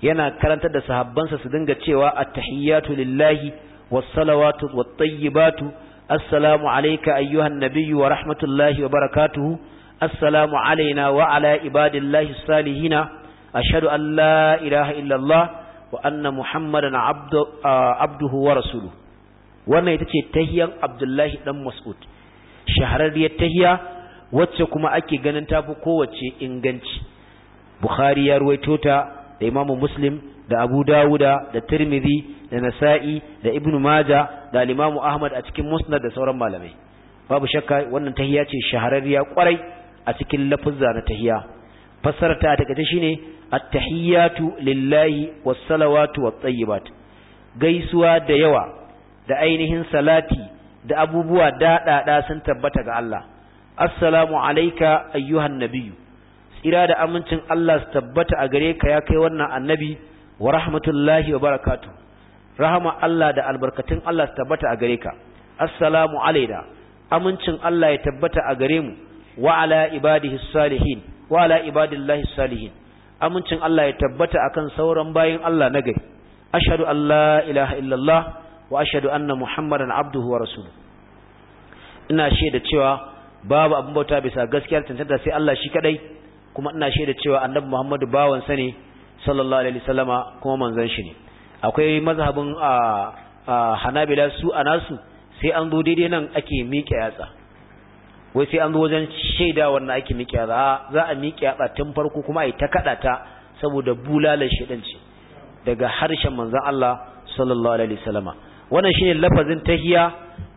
yana karantar da sahabbansa su dinga cewa attahiyatu lillahi was-salawatu wat asalamu assalamu alayka ayyuhan nabiyyu wa rahmatullahi wa barakatuhu assalamu alayna wa ala ibadillahi salihina ashhadu an la ilaha illa Allah wa anna muhammadan uh, abduhu wa rasuluhu wannan ita ce tahiyan abdullahi dan mas'ud shahararriyar tahiya wacce kuma ake ganin tafi kowace inganci bukhari ya ruwaito ta da imamu muslim da abu dawuda da tirmidhi da nasa'i da ibnu maja da alimamu ahmad a cikin musnad da sauran malamai babu shakka wannan tahiya ce shahararriya kwarai a cikin lafuzza na tahiya fassarar ta takaice shine at-tahiyatu lillahi was-salawatu wat-tayyibat gaisuwa da yawa da ainihin salati da abubuwa daɗaɗa sun tabbata ga Allah assalamu alaika ayyuhan nabiyyu tsira da amincin Allah su tabbata a gare ka ya kai wannan annabi wa rahmatullahi wa barakatu. rahama Allah da albarkatun Allah su tabbata a gare ka assalamu alayda amincin Allah ya tabbata a gare mu wa ala ibadihi salihin wa ala ibadillahi salihin amincin Allah ya tabbata akan sauran bayin Allah na gari ashhadu an la ilaha illallah wa ashhadu anna muhammadan abduhu wa rasuluhu ina shaida cewa babu abin bauta bisa gaskiya tantanta sai Allah shi kadai kuma ina shaida cewa annabi Muhammadu bawan sa ne sallallahu alaihi wasallama kuma manzon shi ne akwai mazhabin a Hanabila su anasu sai an zo daidai nan ake miƙe yatsa wai sai an zo wajen shaida wannan ake miƙe yatsa za a miƙe yatsa tun farko kuma ai ta kada ta saboda bulalar shedan ce daga harshen manzon Allah sallallahu alaihi wasallama wannan shine lafazin tahiya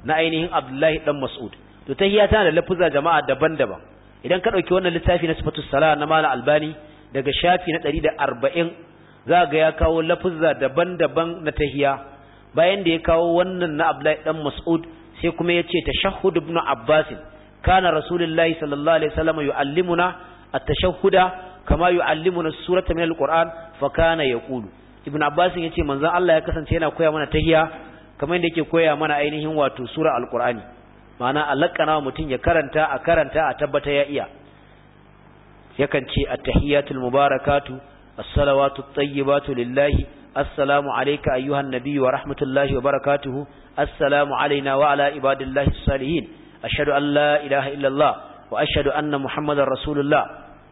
na ainihin Abdullahi dan Mas'ud to tahiyya tana da lafuza jama'a daban-daban idan ka dauki wannan littafi na sifatus sala na malam albani daga shafi na 140 za ga ya kawo lafuza daban-daban na tahiyya bayan da ya kawo wannan na Abdullahi dan Mas'ud sai kuma yace tashahhud ibn Abbas kana rasulullahi sallallahu alaihi wasallam yu'allimuna at-tashahhuda kama yu'allimuna surata min al-Qur'an fa kana yaqulu ibn Abbas yace manzon Allah ya kasance yana koya mana tahiyya kamar yadda yake koya mana ainihin wato sura al-Qur'ani ma'ana a alakana mutum ya karanta a karanta a tabbata ya iya yakan ce at-tahiyatul mubarakatu as-salawatu at-tayyibatu lillahi assalamu alayka ayyuhan nabiy wa rahmatullahi wa barakatuhu assalamu alayna wa ala ibadillahi as-salihin ashhadu an la ilaha illa allah wa ashhadu anna muhammadar rasulullah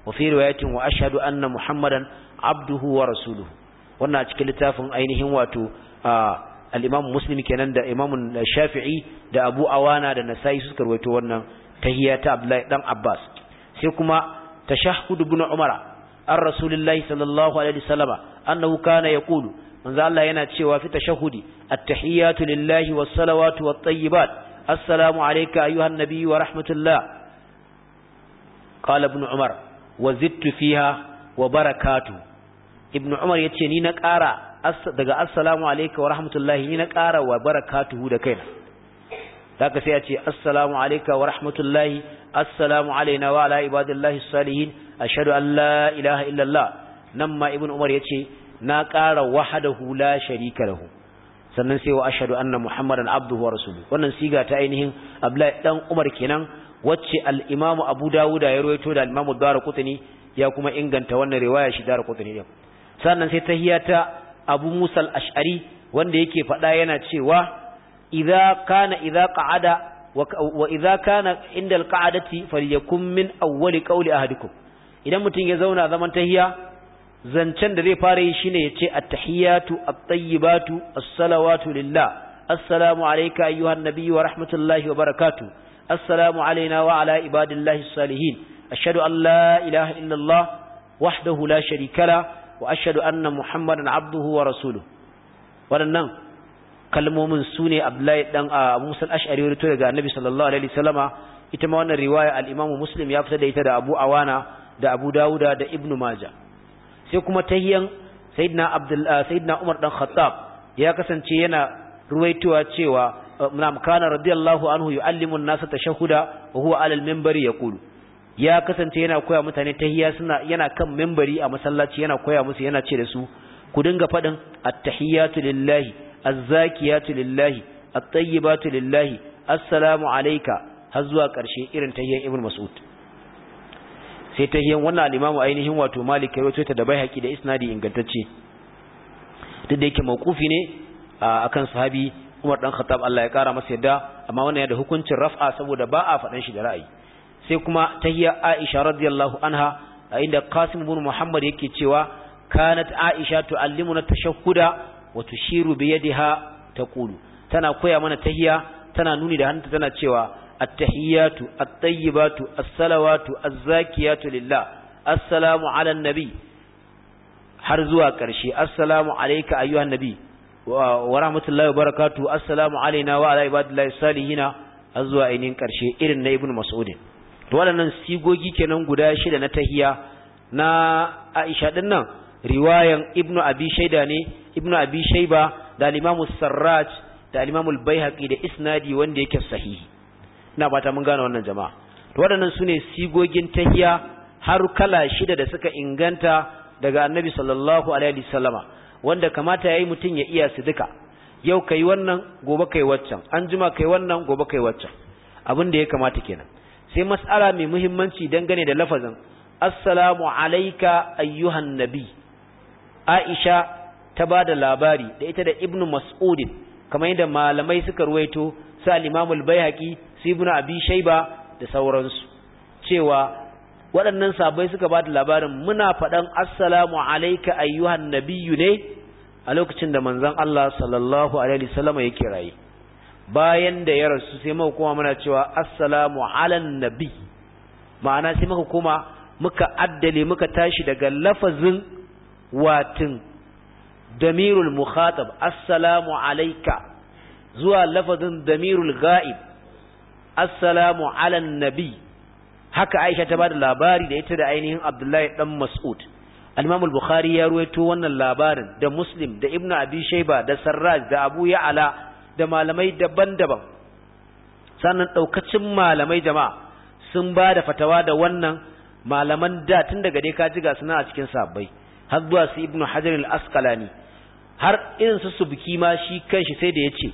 wa fi riwayatin wa ashhadu anna muhammadan abduhu wa rasuluhu wannan a cikin littafin ainihin wato al-Imam Muslim kenan da Imam Shafi'i da Abu Awana da Nasa'i suka rawaito wannan tahiyya Abdullahi dan Abbas sai kuma tashahhud ibn umara an Rasulullahi sallallahu alaihi wasallam annahu kana yaqulu manzo Allah yana cewa fi tashahhudi at-tahiyyatu lillahi was-salawatu wat-tayyibat assalamu alayka ayyuhan nabiyyu wa rahmatullah qala ibn Umar wa zidtu fiha wa barakatuh ibn Umar yace ni na ƙara daga assalamu alayka wa rahmatullahi ni na ƙara wa tuhu da kaina daga sai ya ce assalamu alayka wa rahmatullahi assalamu alaina wa ala ibadillahi salihin ashhadu an la ilaha illallah nan ma ibn umar ce na ƙara wahdahu la sharika lahu sannan sai wa ashhadu anna muhammadan abduhu wa rasuluhu wannan siga ta ainihin abdullahi dan umar kenan wacce al-imam abu dawuda ya rawaito da al-imam ad-darqutni ya kuma inganta wannan riwaya shi darqutni din sannan sai tahiyata abu musa al-ash'ari wanda yake faɗa yana cewa idza kana idza qa'ada wa idza kana inda al-qa'adati min awwali qawli ahadikum idan mutum ya zauna zaman tahiya zancen da zai fara yi shine ya ce at-tahiyatu at-tayyibatu as-salawatu lillah assalamu alayka ayyuhan nabiyyu wa rahmatullahi wa barakatuh assalamu alayna wa ala ibadillahi as-salihin ashhadu an la ilaha illallah wahdahu la sharika lahu wa ashhadu anna muhammadan abduhu wa rasuluhu waɗannan kalmomin su ne abdullahi ɗan abu ah, musal ash'ari rito daga annabi sallallahu alaihi wasallama ita ma wannan riwaya alimamu imam muslim ya fita da ita da abu awana da abu dawuda da ibnu maja sai kuma ta hiyan abdul ah, sayyidina umar dan khattab ya kasance yana ruwaitowa cewa ah, nam kana radiyallahu anhu yu'allimu an-nasa tashahuda wa huwa 'ala al-minbari yaqulu ya kasance yana koya mutane tahiyya suna yana kan membari a masallaci yana koya musu yana ce da su ku dinga faɗin attahiyatu lillahi azzakiyatu lillahi attayyibatu lillahi assalamu alayka har zuwa karshe irin tahiyyan ibn mas'ud sai tahiyyan wannan al-imamu ainihin wato malik ya ta da baihaqi da isnadi ingantacce duk da yake mawqufi ne akan sahabi Umar dan Khattab Allah ya kara masa yadda amma wannan ya da hukuncin raf'a saboda ba a faɗan shi da ra'ayi sai kuma tahiya Aisha radiyallahu anha a inda Qasim ibn Muhammad yake cewa kanat Aisha tuallimuna tashahhuda wa tushiru bi yadiha taqulu tana koya mana tahiya tana nuni da hannunta tana cewa at tahiyatu at-tayyibatu as-salawatu az-zakiyatu lillah assalamu ala an-nabi har zuwa ƙarshe assalamu alayka ayyuhan nabi wa rahmatullahi wa barakatuh assalamu alaina wa ala ibadillahi salihina har zuwa ainihin ƙarshe irin na ibnu mas'udin to waɗannan sigogi kenan guda shida na tahiya na Aisha din nan riwayan Ibnu Abi Shayda ne Ibn Abi Shayba da imam Sarraj da al-Imam da isnadi wanda yake sahihi ina fata mun gane wannan jama'a to waɗannan sune sigogin tahiya har kala shida da suka inganta daga Annabi sallallahu alaihi wasallama wanda kamata yayi mutum ya iya su duka yau kai wannan gobe kai waccan anjima kai wannan gobe kai waccan abin da ya kamata kenan sai mas'ala mai muhimmanci dangane da lafazin assalamu alayka ayyuhan nabi aisha ta ba da labari da ita da ibnu mas'udin kamar yadda malamai suka ruwaito sa al-imamul bayhaqi su ibnu abi shayba da sauransu cewa waɗannan sabai suka ba da labarin muna faɗan assalamu alayka ayyuhan nabiyyu ne a lokacin da manzon Allah sallallahu alaihi wasallam ya kiraye bayan da ya rasu sai muka koma muna cewa assalamu alan nabi ma'ana sai muka koma muka addale muka tashi daga lafazin watin damirul mukhatab assalamu alayka zuwa lafazin damirul ghaib assalamu alan nabi haka Aisha ta bada labari da ita da ainihin Abdullahi dan Mas'ud Al-Imam al-Bukhari ya ruwaito wannan labarin da Muslim da Ibn Abi Shayba da Sarraj da Abu Ya'la da malamai daban-daban sannan ɗaukacin malamai jama'a sun ba da fatawa da wannan malaman da tun daga dai ka ji ga suna a cikin sabbai har zuwa su ibnu hajar al-asqalani har irin su subki ma shi kanshi sai da ya ce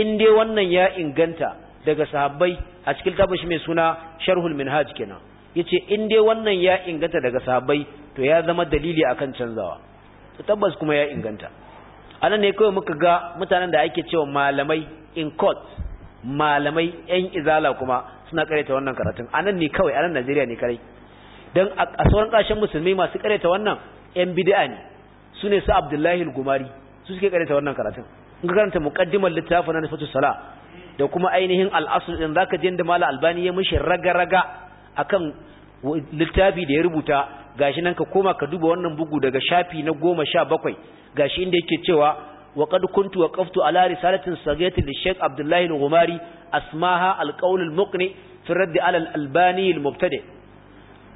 in dai wannan ya inganta daga sahabbai a cikin littafin shi mai suna sharhul minhaj kenan yace in dai wannan ya inganta daga sahabbai to ya zama dalili akan canzawa to tabbas kuma ya inganta A nan ne kawai muka ga mutanen da ake cewa malamai in court malamai yan izala kuma suna karaita wannan karatun A nan ne kawai a nan Najeriya ne kare Don a sauran kashin musulmi masu karaita wannan yan bid'a ne su ne su Abdullahi gumari su suke karaita wannan karatun in ka karanta muqaddimar littafin na nufatu Sala da kuma ainihin al'asul asl din zaka je inda mala Albani ya mishi raga-raga akan littafi da ya rubuta gashi nan ka koma ka duba wannan bugu daga shafi na goma sha bakwai gashi inda yake cewa wa qad kuntu waqaftu ala risalatin sagati li Sheikh Abdullah al-Ghumari asmaha al-qawl al-muqni fi radd ala al-albani al-mubtadi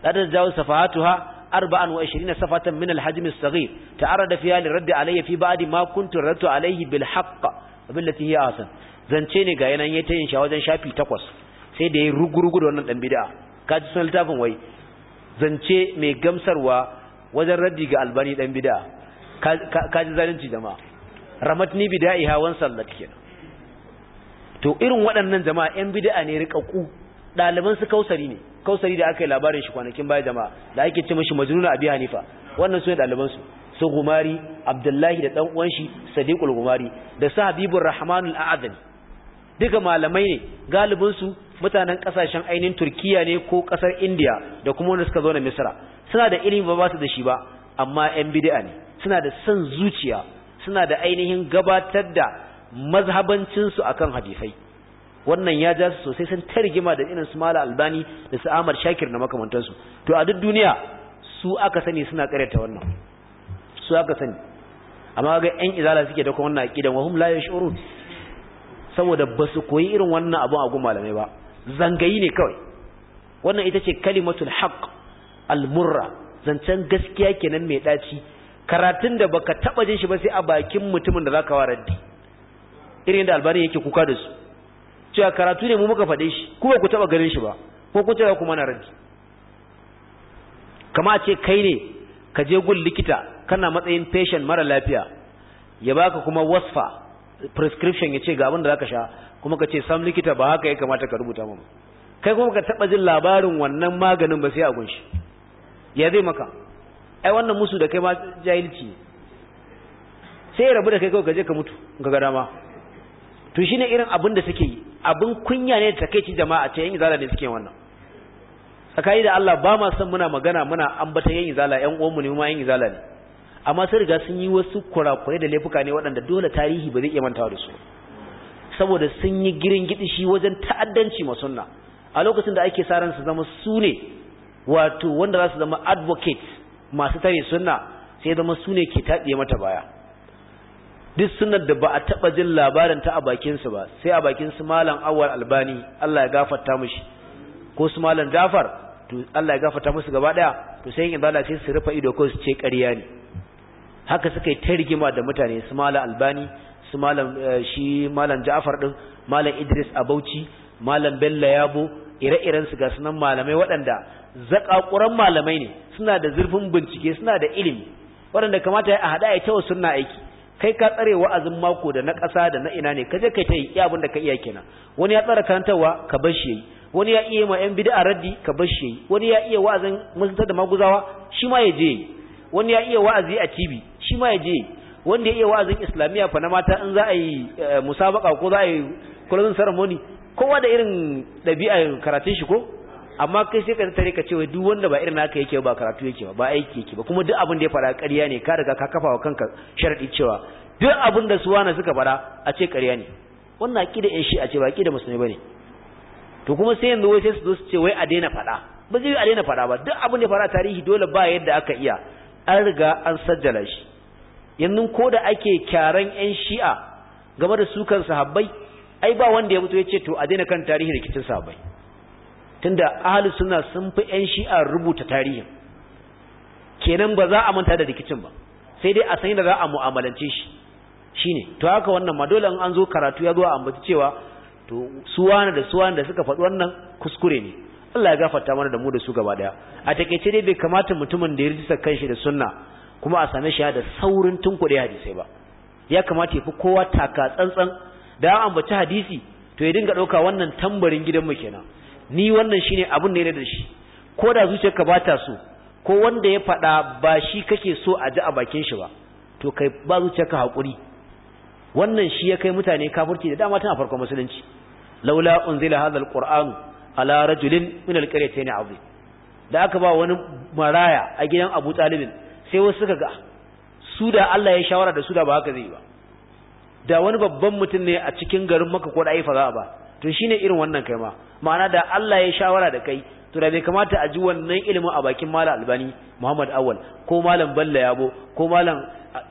la tajawu safahatuha 24 safatan min al-hajm al-saghir ta'arada fiha li radd alayya fi ba'di ma kuntu radtu alayhi bil haqq billati hiya asan zance ne ga yanan yayin yin sha wajen shafi 8 sai da ya rugurugu da wannan dan bid'a kaji sunan littafin wai zance mai gamsarwa wajen raddi ga albani dan bid'a ka ji zalunci jama'a ramatni bida'iha wan sallat kenan to irin waɗannan jama'a yan bid'a ne riƙaƙu ɗaliban su kausari ne kausari da aka yi labarin shi kwanakin baya jama'a da ake ce mashi majnuna abi hanifa wannan su ne ɗaliban su su gumari abdullahi da ɗan uwan shi sadiqul gumari da su habibur rahmanul azam duka malamai ne galibin su mutanen kasashen ainihin turkiya ne ko kasar indiya da kuma wanda suka zo na misra suna da ilimi ba ba su da shi ba amma yan bid'a ne suna da son zuciya suna da ainihin gabatar da mazhabancinsu akan hadisai wannan ya ja su sosai sun ta rigima da irin su albani da su amar shakir na makamantansu to a duk duniya su aka sani suna karyata wannan su aka sani amma ga yan izala suke da kuma wannan aqidan wahum la yash'urun saboda ba su koyi irin wannan abun a gun malamai ba zangayi ne kawai wannan ita ce kalimatul haqq al-murra zancen gaskiya kenan mai daci karatun da baka taba jin shi ba sai a bakin mutumin da zaka waraddi irin da albani yake kuka da su cewa karatu ne mu muka fade shi ku ba ku taba ganin shi ba ko ku tara kuma na raddi kama ce kai ne ka je gun likita kana matsayin patient mara lafiya ya baka kuma wasfa prescription ya ce ga abin da zaka sha kuma ka ce sam likita ba haka ya kamata ka rubuta mu kai kuma ka taba jin labarin wannan maganin ba sai a gunshi ya zai maka ai wannan musu da kai ma jahilci sai rabu da kai kawai gaje ka mutu ga gada ma to shine irin abin da suke yi abin kunya ne da ci jama'a ce yan zala ne suke wannan tsakani da Allah ba ma san muna magana muna ambata yan zala. yan uwanmu ne ma yan zala ne amma sun riga sun yi wasu kurakurai da laifuka ne waɗanda dole tarihi ba zai iya mantawa da su saboda sun yi girin gidishi wajen ta'addanci masunna. a lokacin da ake sa ran su zama su ne wato wanda za su zama advocates masu tare sunna sai zama su ne ke taɗe mata baya duk sunnar da ba a taɓa jin labarin ta a bakinsu ba sai a bakinsu malam awar albani Allah ya gafarta mushi ko su malam jafar to Allah ya gafarta musu gaba daya to sai in ibada sai su rufe ido ko su ce ƙarya ne haka suka yi ta rigima da mutane su malam albani su malam eh, shi malam ja'far din malam idris abauci malam bello yabo ire-iren su ga sunan malamai waɗanda zakakuran malamai ne suna da zurfin bincike suna da ilimi waɗanda kamata ya haɗa ya tawo sunna aiki kai ka tsare wa'azin mako da na ƙasa da na ina ne ka je kai ta yi iya abin da ka iya kenan wani ya tsara karantarwa ka bar shi yayi wani ya iya ma yan bid'a raddi ka bar shi yayi wani ya iya wa'azin musulunta da maguzawa shi ma ya je wani ya iya wa'azi a TV shi ma ya je wanda ya iya wa'azin islamiyya fa na mata in za a yi eh, musabaka ko za a yi kulazin ceremony kowa da irin ɗabi'ar karatun shi ko amma kai sai ka tare ka ce wai duk wanda ba irin naka yake ba karatu yake ba ba aiki yake ba kuma duk abin da ya fara ƙarya ne ka riga ka kafa wa kanka sharadi cewa duk abin da su wani suka fara a ce ƙarya ne wannan aqida in shi a ce ba aqida musulmi bane to kuma sai yanzu wai sai su zo su ce wai a daina fada ba zai a daina fada ba duk abin da ya fara tarihi dole ba yadda aka iya an riga an sajjala shi yanzu ko da ake kyaran yan shi'a game da sukan sahabbai ai ba wanda ya mutu ya ce to a daina kan tarihi rikicin sabai tunda ahlus sunna sun fi yan shi'a rubuta tarihin kenan ba za a manta da rikicin ba sai dai a san da za a mu'amalance shi shine to haka wannan ma dole an zo karatu ya zo a ambaci cewa to suwana da suwana da suka faɗi wannan kuskure ne Allah ya gafarta mana da mu da su gaba daya a takeice dai bai kamata mutumin da ya rijista kanshi da sunna kuma a same shi da saurin tunkuɗe hadisai ba ya kamata ya fi kowa taka tsantsan da an ambaci hadisi to ya dinga ɗauka wannan tambarin gidan mu kenan ni wannan shine abin da ya da shi ko da zuciyarka ka bata so ko wanda ya faɗa ba shi kake so a ji a bakin shi ba to kai ba ka hakuri wannan shi ya kai mutane kafirci da dama tana farkon musulunci laula unzila hadha alqur'anu ala rajulin min alqaryatayn azim da aka ba wani maraya a gidan Abu Talib sai wasu suka ga su da Allah ya shawara da su da ba haka zai ba da wani babban mutum ne a cikin garin maka ko da ai faza ba to shine irin wannan kai ma ma'ana da Allah ya shawara da kai to da bai kamata a ji wannan ilimin a bakin malam albani muhammad awal ko malam balla yabo ko malam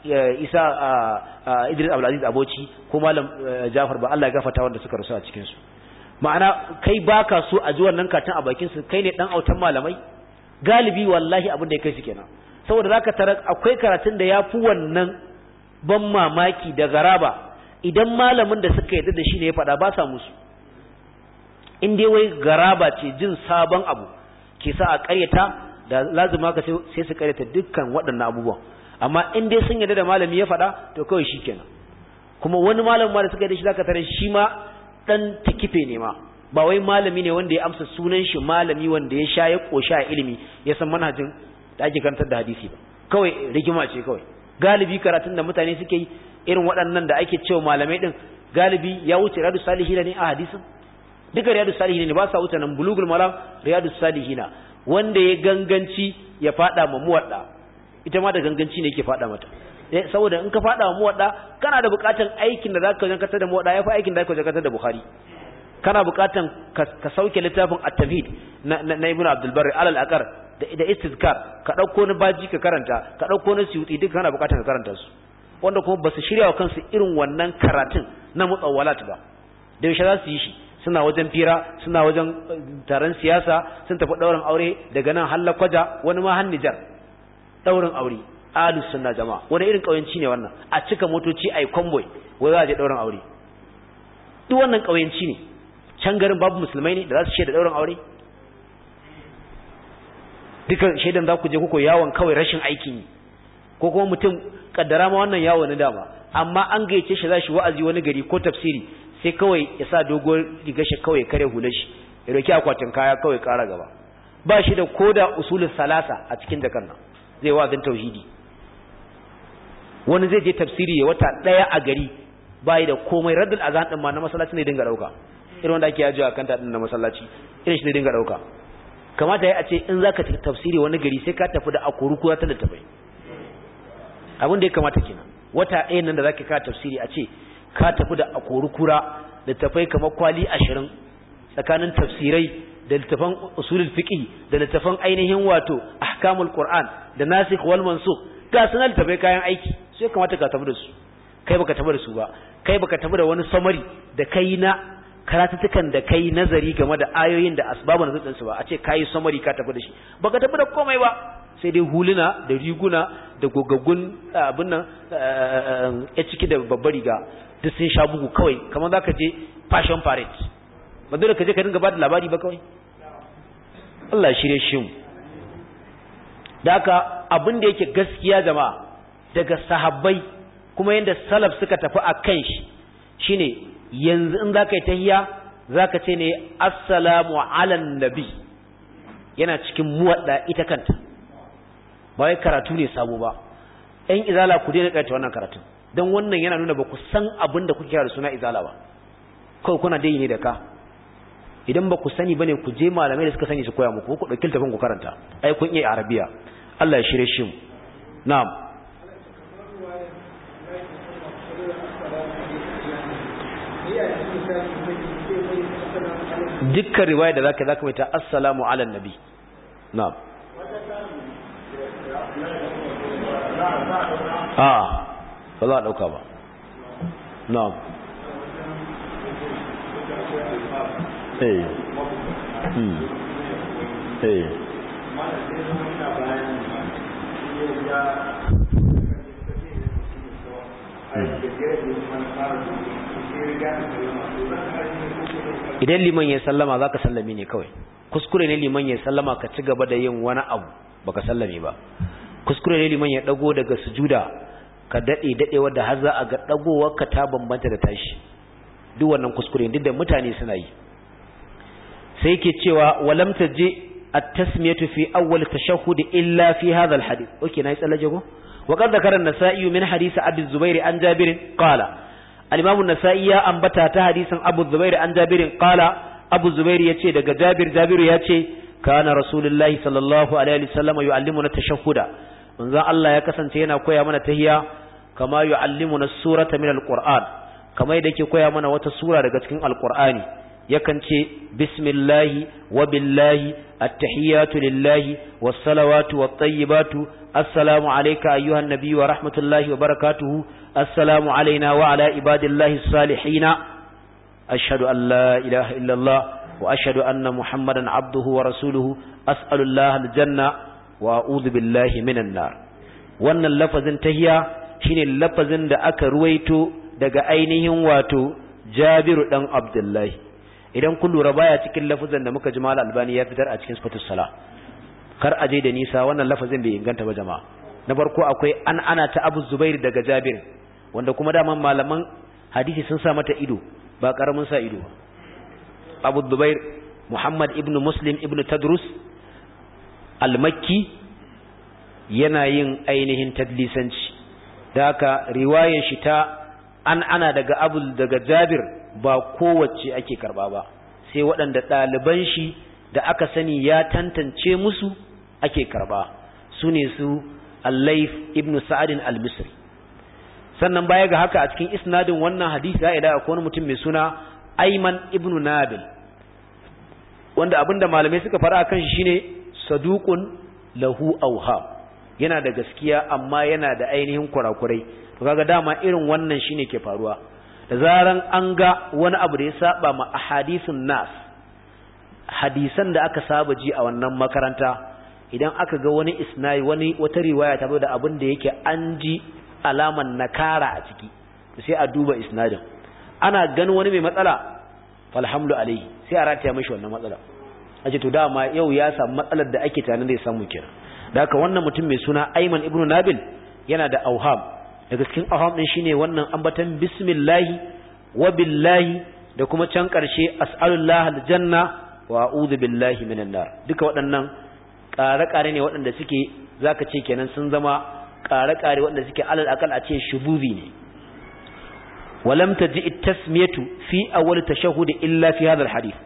eh, isa idris abdulaziz aboci ko malam eh, jafar ba Allah ya gafarta wanda suka rasu a cikin su ma'ana kai baka so a ji wannan katin a bakin su kai ne dan autan malamai galibi wallahi abin da ya kai su kenan saboda zaka tara akwai karatun da ya fi wannan ban mamaki da garaba idan malamin da suka yadda da shi ne ya faɗa ba sa musu in dai wai garaba ce jin sabon abu ke sa a ƙaryata da lazima ka sai su ƙaryata dukkan waɗannan abubuwan amma in dai sun yadda da malami ya faɗa to kawai shi kenan kuma wani malamin ma da suka yadda shi zaka tare shi ma ɗan tikife ne ma ba wai malami ne wanda ya amsa sunan shi malami wanda ya sha ya ƙosha a ilimi ya san manhajin da ake karantar da hadisi ba kawai rigima ce kawai galibi karatun da mutane suke yi irin waɗannan da ake cewa malamai din galibi ya wuce riyadu salihina ne a hadisin duka riyadu salihina ne ba sa wuce nan bulugul maram riyadu salihina wanda ya ganganci ya fada ma muwadda ita ma da ganganci ne yake fada mata eh, saboda in ka fada ma muwadda kana da bukatan aikin da zaka wajen kasar da muwadda fi aikin da zaka wajen kasar da bukhari kana bukatan ka sauke littafin at-tafhid na ibnu abdul barri alal aqar da istizkar ka ɗauko ni baji ka karanta ka ɗauko na siyuti duk kana buƙatar ka karanta su wanda kuma ba su shirya wa kansu irin wannan karatun na mutsawalat ba da sha za su yi shi suna wajen fira suna wajen eh, taron siyasa sun tafi ɗaurin aure daga nan halla kwaja wani ma har Niger ɗaurin aure alu sunna jama'a wani irin ƙauyenci ne wannan a cika motoci a yi wai za a je ɗaurin aure duk wannan ƙauyenci ne can garin babu musulmai ne da za su ce da ɗaurin aure dukan shaidan za ku je ku yawon kawai rashin aikin yi ko kuma mutum kaddara ma wannan yawo na dama amma an gayyace shi za shi wa'azi wani gari ko tafsiri sai kawai ya sa dogon riga shi kawai kare hular shi ya roki akwatin kaya kawai kara gaba ba shi da koda usulul salasa a cikin jakar nan zai wa'azin tauhidi wani zai je tafsiri ya wata daya a gari bai da komai raddul azan din ma na masallaci ne dinga dauka irin wanda ake yaji a kanta din na masallaci irin shi ne dinga dauka kamata ya a ce in za ka tafsiri wani gari sai ka tafi da akuru kuwa ta da tabai abin da ya kamata kina wata ɗaya nan da za ka ka tafsiri a ce ka tafi da akori kura littafai kamar kwali ashirin tsakanin tafsirai da littafan usulul fiqh da littafan ainihin wato ahkamul qur'an da nasikh wal mansukh ga sunan littafai kayan aiki sai kamata ka tafi da su kai baka tafi da su ba kai baka tafi da wani samari da kai na karatuttukan da kai nazari game da ayoyin da asbabu na zutsinsu ba a ce kayi samari ka tafi da shi ba tafi da komai ba sai dai huluna da riguna da gogaggun eh, abin nan ya eh, eh, ciki da babbar riga duk sun sha bugu kawai kamar za ka je fashion parade ba dole ka je ka dinga ba da labari ba kawai Allah ne shi da haka abin da yake gaskiya zama daga sahabbai kuma yadda salaf suka tafi a kan shi shine yanzu in zaka yi tahiya zaka ce ne assalamu ala nabi yana cikin muwadda ita kanta ba wai karatu ne sabo ba ɗan izala ku daina karanta wannan karatun don wannan yana nuna ba ku san abin da kuke da suna izala ba kawai kuna dai ne da ka idan ba ku sani bane ku je malamai da suka sani su koya muku ku ɗauki littafin ku karanta ai kun iya arabiya Allah ya shirye shi mu na'am dukkan riwaya da zaka zaka ta assalamu ala nabi na'am ah ba za a dauka ba na'am eh hmm eh hmm idan liman ya sallama zaka sallami ne kawai kuskure ne liman ya sallama ka ci gaba da yin wani abu ba ka sallami ba kuskure ne liman ya dago daga sujuda ka daɗe dade wanda har za a ga dagowar ka ta bambanta da tashi duk wannan kuskure duk da mutane suna yi sai yake cewa walam je at-tasmiyatu fi awwal tashahhud illa fi hadha al-hadith okay nayi tsallaje qad وقد an-nasa'i min hadith abi الزبير an jabir qala al nasa'i ya ambata ta hadisin abu zubair an jabirin qala abu zubair yace daga jabir jabiru yace kana rasulullahi sallallahu alaihi wasallam yu'allimuna tashahhuda manzon Allah ya kasance yana koya mana tahiya kama yu'allimuna surata min al-qur'an kamar yadda yake koya mana wata sura daga cikin al yakan ce bismillahi wa billahi attahiyatu lillahi wassalawatu wattayyibatu assalamu alayka ayyuhan nabiy wa rahmatullahi wa barakatuhu assalamu alayna wa ala ibadillahi salihin ashhadu an la ilaha illa allah wa ashhadu anna muhammadan abduhu wa rasuluhu as'alullaha aljanna wa a'udhu billahi minan nar wannan lafazin tahiya shine lafazin da aka ruwaito daga ainihin wato Jabiru dan Abdullahi idan kun lura baya cikin lafazin da muka ji mal albani ya fitar a cikin sifatus sala kar a je da nisa wannan lafazin bai inganta ba jama'a na farko akwai an ana ta abu zubair daga jabir wanda kuma daman malaman hadisi sun sa mata ido ba karamin sa ido abu zubair muhammad ibn muslim ibn tadrus al-makki yana yin ainihin tadlisanci da haka riwayar shi ta an ana daga abu daga jabir ba kowace ake karba ba sai waɗanda ɗaliban shi da aka sani ya tantance musu ake karba su ne su allaif ibn sa'adin al-misri sannan baya ga haka a cikin isnadin wannan hadisi ya ida akwai wani mutum mai suna Ayman ibn nabil wanda abinda malamai suka fara kan shi shine saduqun lahu awham yana da gaskiya amma yana da ainihin kurakurai to kaga dama irin wannan shine ke faruwa da zaran an ga wani abu da ya saba ma a hadisun nas hadisan da aka saba ji a wannan makaranta idan aka ga wani isnai wani wata riwaya ta da abin da yake an ji alaman nakara a ciki sai a duba isnadin ana ganin wani mai matsala falhamlu alaihi sai a rataya mashi wannan matsala a ce to dama yau ya samu matsalar da ake tunanin ya samu kira da haka wannan mutum mai suna Ayman ibn Nabil yana da auham daga cikin ahwam din shine wannan ambatan bismillahi wa billahi da kuma can karshe as'alullah aljanna wa a'udhu billahi minan nar duka waɗannan ƙare-ƙare ne waɗanda suke zaka ce kenan sun zama ƙare-ƙare waɗanda suke alal akal a ce shububi ne walam taji tasmiyatu fi awwal tashahhud illa fi hadha alhadith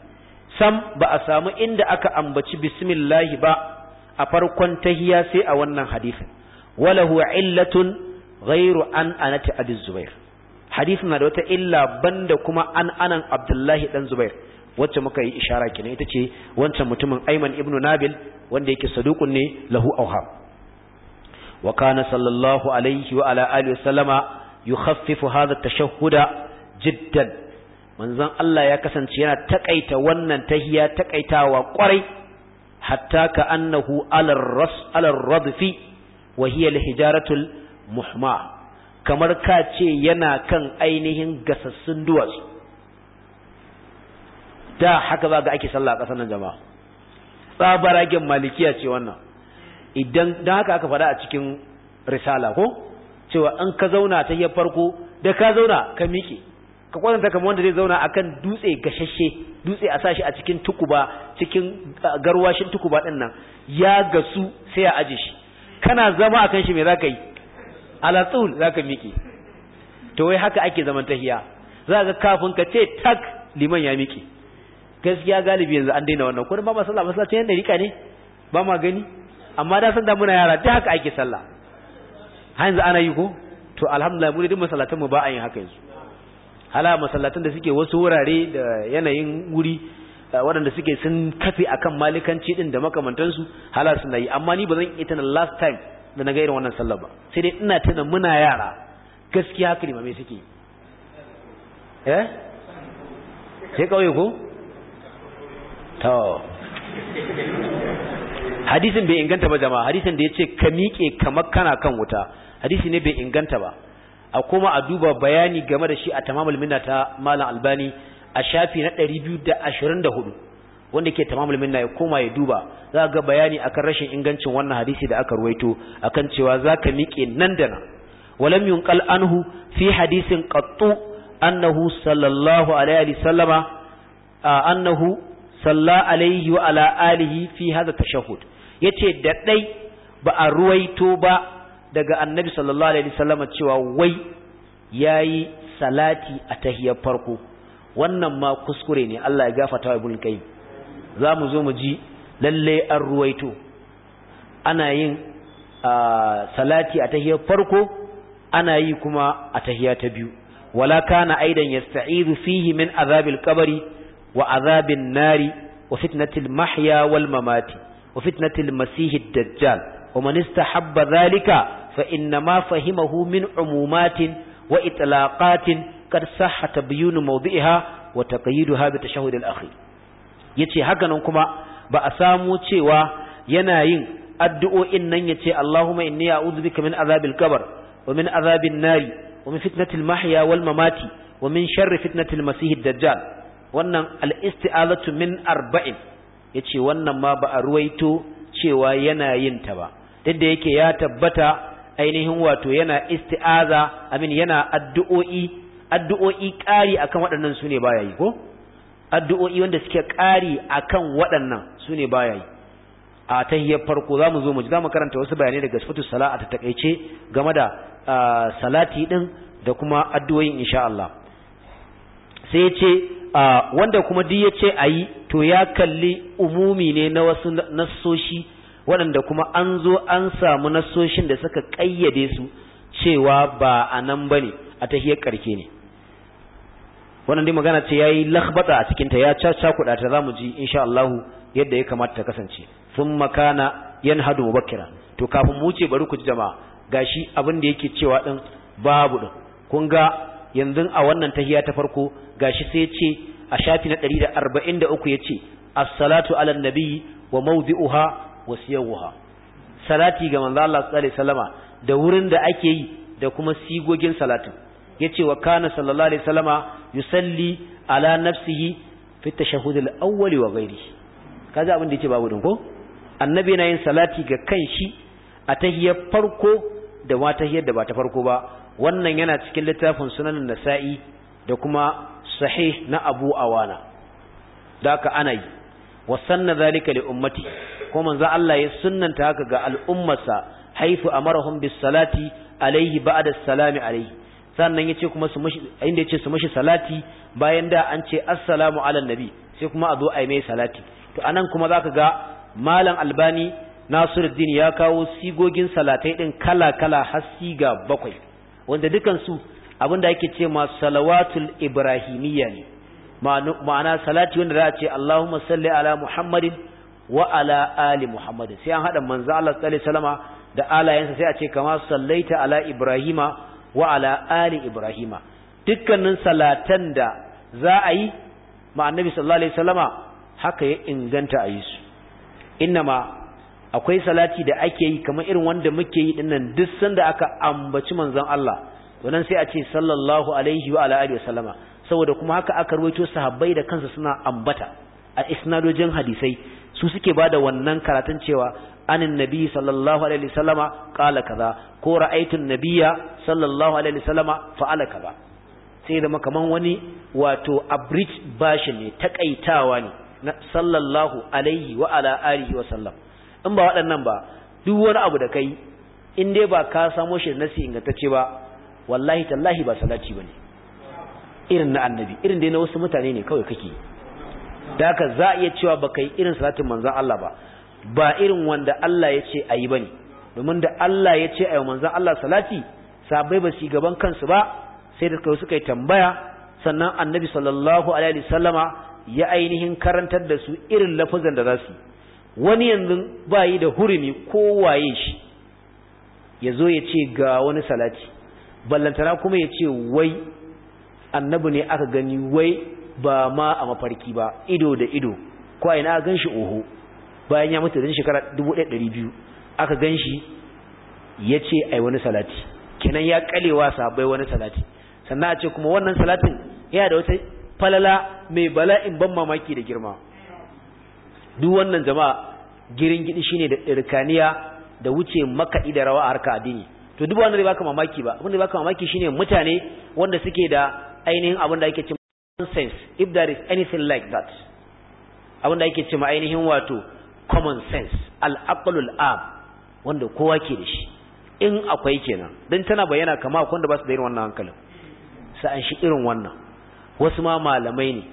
sam ba a samu inda aka ambaci bismillahi ba a farkon tahiya sai a wannan hadisin walahu illatun ghairu an anati abi zubair hadisi na da wata illa banda kuma an anan abdullahi dan zubair wacce muka yi ishara kenan ita ce wancan mutumin ayman ibnu nabil wanda yake saduqun ne lahu awham wa kana sallallahu alaihi wa ala alihi wasallama yukhaffifu hadha at-tashahhuda jiddan manzon Allah ya kasance yana takaita wannan tahiya takaitawa kwarai hatta ka annahu ala ras ala radfi wa hiya al muhma kamar ka ce yana kan ainihin gasassun duwatsu da haka za ga ake sallah a ƙasar nan jama'a tsabaragen malikiya ce wannan idan don haka aka faɗa a cikin risala ko cewa in ka zauna ta ya farko da ka zauna ka miƙe ka kwanta kamar wanda zai zauna akan dutse gashashe dutse a sashi a cikin tukuba cikin garwashin tukuba dinnan ya gasu sai a aje shi kana zama akan shi me za ka yi alatul ka miƙe to wai haka ake zaman tahiya za ga kafin ka ce tak liman ya miƙe gaskiya galibi yanzu an daina wannan kuma ba ma sallah masallaci yanda rika ne ba ma gani amma da san da muna yara da haka ake sallah har yanzu ana yi ko to alhamdulillah mun dai masallatan mu ba a yin haka yanzu hala masallatan da suke wasu wurare da yanayin wuri eh, waɗanda suke sun kafe akan malikanci din da makamantansu hala suna yi amma ni ba zan yi ta last time da na ga irin wannan sallar ba sai dai ina tana muna yara gaskiya haka ne mai suke eh sai kawai ku to hadisin bai inganta ba jama'a hadisin da ya ce ka miƙe kamar kana kan wuta hadisi ne bai inganta ba a koma a duba bayani game da shi a tamamul minna ta malam albani a shafi na ɗari biyu da da hudu. wanda ke tamamul minna ya koma ya duba za ga bayani akan rashin ingancin wannan hadisi da aka ruwaito akan cewa zaka miƙe nan da nan walam yunqal anhu fi hadisin qattu annahu sallallahu alaihi sallama annahu salla alaihi wa ala alihi fi hadha tashahhud yace da dai ba a ruwaito ba daga annabi sallallahu alaihi sallama cewa wai yayi salati a tahiyar farko wannan ma kuskure ne Allah ya gafarta wa ibn qayyim za mu zo mu ji lalle an ruwaito ana yin salati a tahiyar farko ana yi kuma a tahiya ta biyu wala kana aidan yasta'izu fihi min azabil qabri wa azabin nari wa fitnatil mahya wal mamati wa fitnatil masihid dajjal wa man istahabba dhalika fa inna ma fahimahu min umumatin wa itlaqatin qad sahha tabyinu mawdi'iha wa taqyiduha bi tashahhud al yace haka nan kuma ba a samu cewa yana yin addu'o'in nan yace Allahumma inni a'udhu bika min azabil kabar wa min azabin nari wa min fitnatil mahya wal mamati wa min sharri fitnatil da dajjal wannan al-isti'azatu min arba'in yace wannan ma ba a ruwaito cewa yana yin ta ba duk da yake ya tabbata ainihin wato yana isti'aza amin yana addu'o'i addu'o'i ƙari akan waɗannan su ne baya yi ko addu'o'i wanda suke ƙari akan waɗannan su ne baya yi a tahiyar farko za mu zo mu mu karanta wasu bayanai daga sifatu sala'a ta takaice game da salati ɗin da kuma addu'o'in insha Allah sai yace wanda kuma duk yace ayi to ya kalli umumi ne na wasu nasoshi waɗanda kuma an zo an samu nasoshin da suka ƙayyade su cewa ba a nan bane a tahiyar karke ne wannan dai magana ce yayi lakhbata a cikin ta ya caca kuda ta zamu ji insha Allah yadda ya kamata ta kasance thumma kana yanhadu mubakkira to kafin mu wuce bari ku ji jama'a gashi abin da yake cewa din babu din kun ga yanzu a wannan tahiya ta farko gashi sai ce a shafi na 143 yace as-salatu ala nabi wa mawdi'uha wa siyawuha salati ga manzo Allah sallallahu alaihi wasallama da wurin da ake yi da kuma sigogin salatin yace wa kana sallallahu alaihi wasallama yusalli ala nafsihi fi tashahhud al-awwal wa ghairihi kaza abin da yake babu din ko annabi yana yin salati ga kanshi a tahiyar farko da ma tahiyar da ba ta farko ba wannan yana cikin littafin sunan nasa'i da kuma sahih na abu awana da aka ana yi wa sanna zalika li ummati ko manzo Allah ya sunnanta haka ga al'ummarsa haifu amarahum bis salati alaihi ba'da salami alaihi sannan ya ce kuma su mushi inda ya ce su mushi salati bayan da an ce assalamu ala nabi sai kuma a zo a yi mai salati to anan kuma zaka ga malam albani nasiruddin ya kawo sigogin salatai din kala kala har siga bakwai wanda dukan su abinda yake ce ma salawatul ibrahimiyya ne ma'ana salati wanda za a ce Allahumma salli ala Muhammadin wa ala ali Muhammadin sai an haɗa manzo Allah sallallahu alaihi wasallama da alayensa sai a ce kama sallaita ala Ibrahima wa ala ali ibrahima dukkanin salatan da za a yi ma annabi sallallahu alaihi wasallama haka ya inganta a yi su innama akwai salati da ake yi kamar irin wanda muke yi dinnan duk sanda aka ambaci manzon Allah wannan sai a ce sallallahu alaihi wa ala alihi wasallama saboda kuma haka aka ruwaito sahabbai da kansu suna ambata a isnadojin hadisai su suke bada wannan karatun cewa عن النبي صلى الله عليه وسلم قال كذا كو رأيت النبي صلى الله عليه وسلم فعل كذا sai da kaman wani wato abridge باشني ne takaitawa ne na sallallahu alaihi wa ala alihi wa sallam in ba waɗannan ba duk wani abu da kai in dai ba ka samo shi nasi ingantacce ba wallahi tallahi ba salati bane irin na annabi irin dai na wasu mutane kake da za a iya cewa ba kai irin salatin manzon Allah ba ba irin wanda Allah ya ce a yi ba ne domin da Allah ya ce a yi manzan Allah salati sabai ba su gaban kansu ba sai da suka yi tambaya sannan annabi sallallahu alaihi sallama ya ainihin karantar da su irin lafazan da za su wani yanzu ba yi da hurumi ko waye shi ya zo ya ce ga wani salati ballantana kuma ya ce wai annabi ne aka gani wai ba ma a mafarki ba ido da ido ko a ina gan shi oho bayan ya mutu da shekara 1200 aka ganshi yace ai wani salati kenan ya kalewa sabai wani salati sannan a ce kuma wannan salatin yana da wata falala mai in ban mamaki da girma duk wannan jama'a girin gidi shine da irkaniya da wuce makaɗi da rawa a harka addini to duk wanda bai baka mamaki ba abin da baka mamaki shine mutane wanda suke da ainihin abin da ake cewa if there is anything like that abin da ake cewa ainihin wato common sense al am wanda kowa ke da shi in akwai kenan dan tana bayyana kama akwai wanda ba su da irin wannan hankalin sa'an shi irin wannan wasu ma malamai ne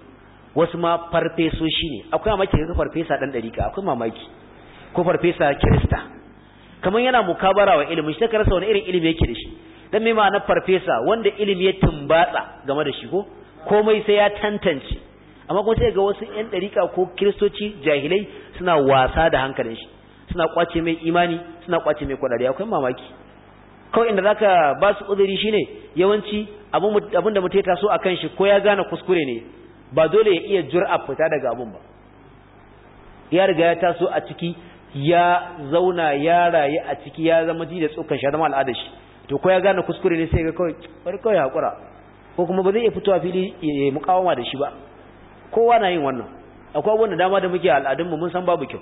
wasu ma farfesoshi ne akwai mamaki ga farfesa dan dariƙa akwai mamaki ko farfesa kirista kamar yana mukabara wa ilimin shi ta karasa wani irin ilimi yake da shi dan me ma'anar farfesa wanda ilimi ya tumbatsa game da shi ko komai sai ya tantance amma kuma sai ga wasu ƴan ɗarika ko kiristoci jahilai suna wasa da hankalin shi suna kwace mai imani suna kwace mai kwadari akwai mamaki kawai inda zaka ba su uzuri shine yawanci abin da mutai taso akan shi ko ya gane kuskure ne ba dole ya iya jur'a fita daga abin ba ya riga ya taso a ciki ya zauna ya rayu a ciki ya zama ji da tsokan shi zama al'adar to ko ya gane kuskure ne sai ga kawai ko kuma ba zai iya fitowa fili ya mukawama da shi ba kowa na yin wannan akwai abubuwan da dama da muke al'adunmu mun san babu kyau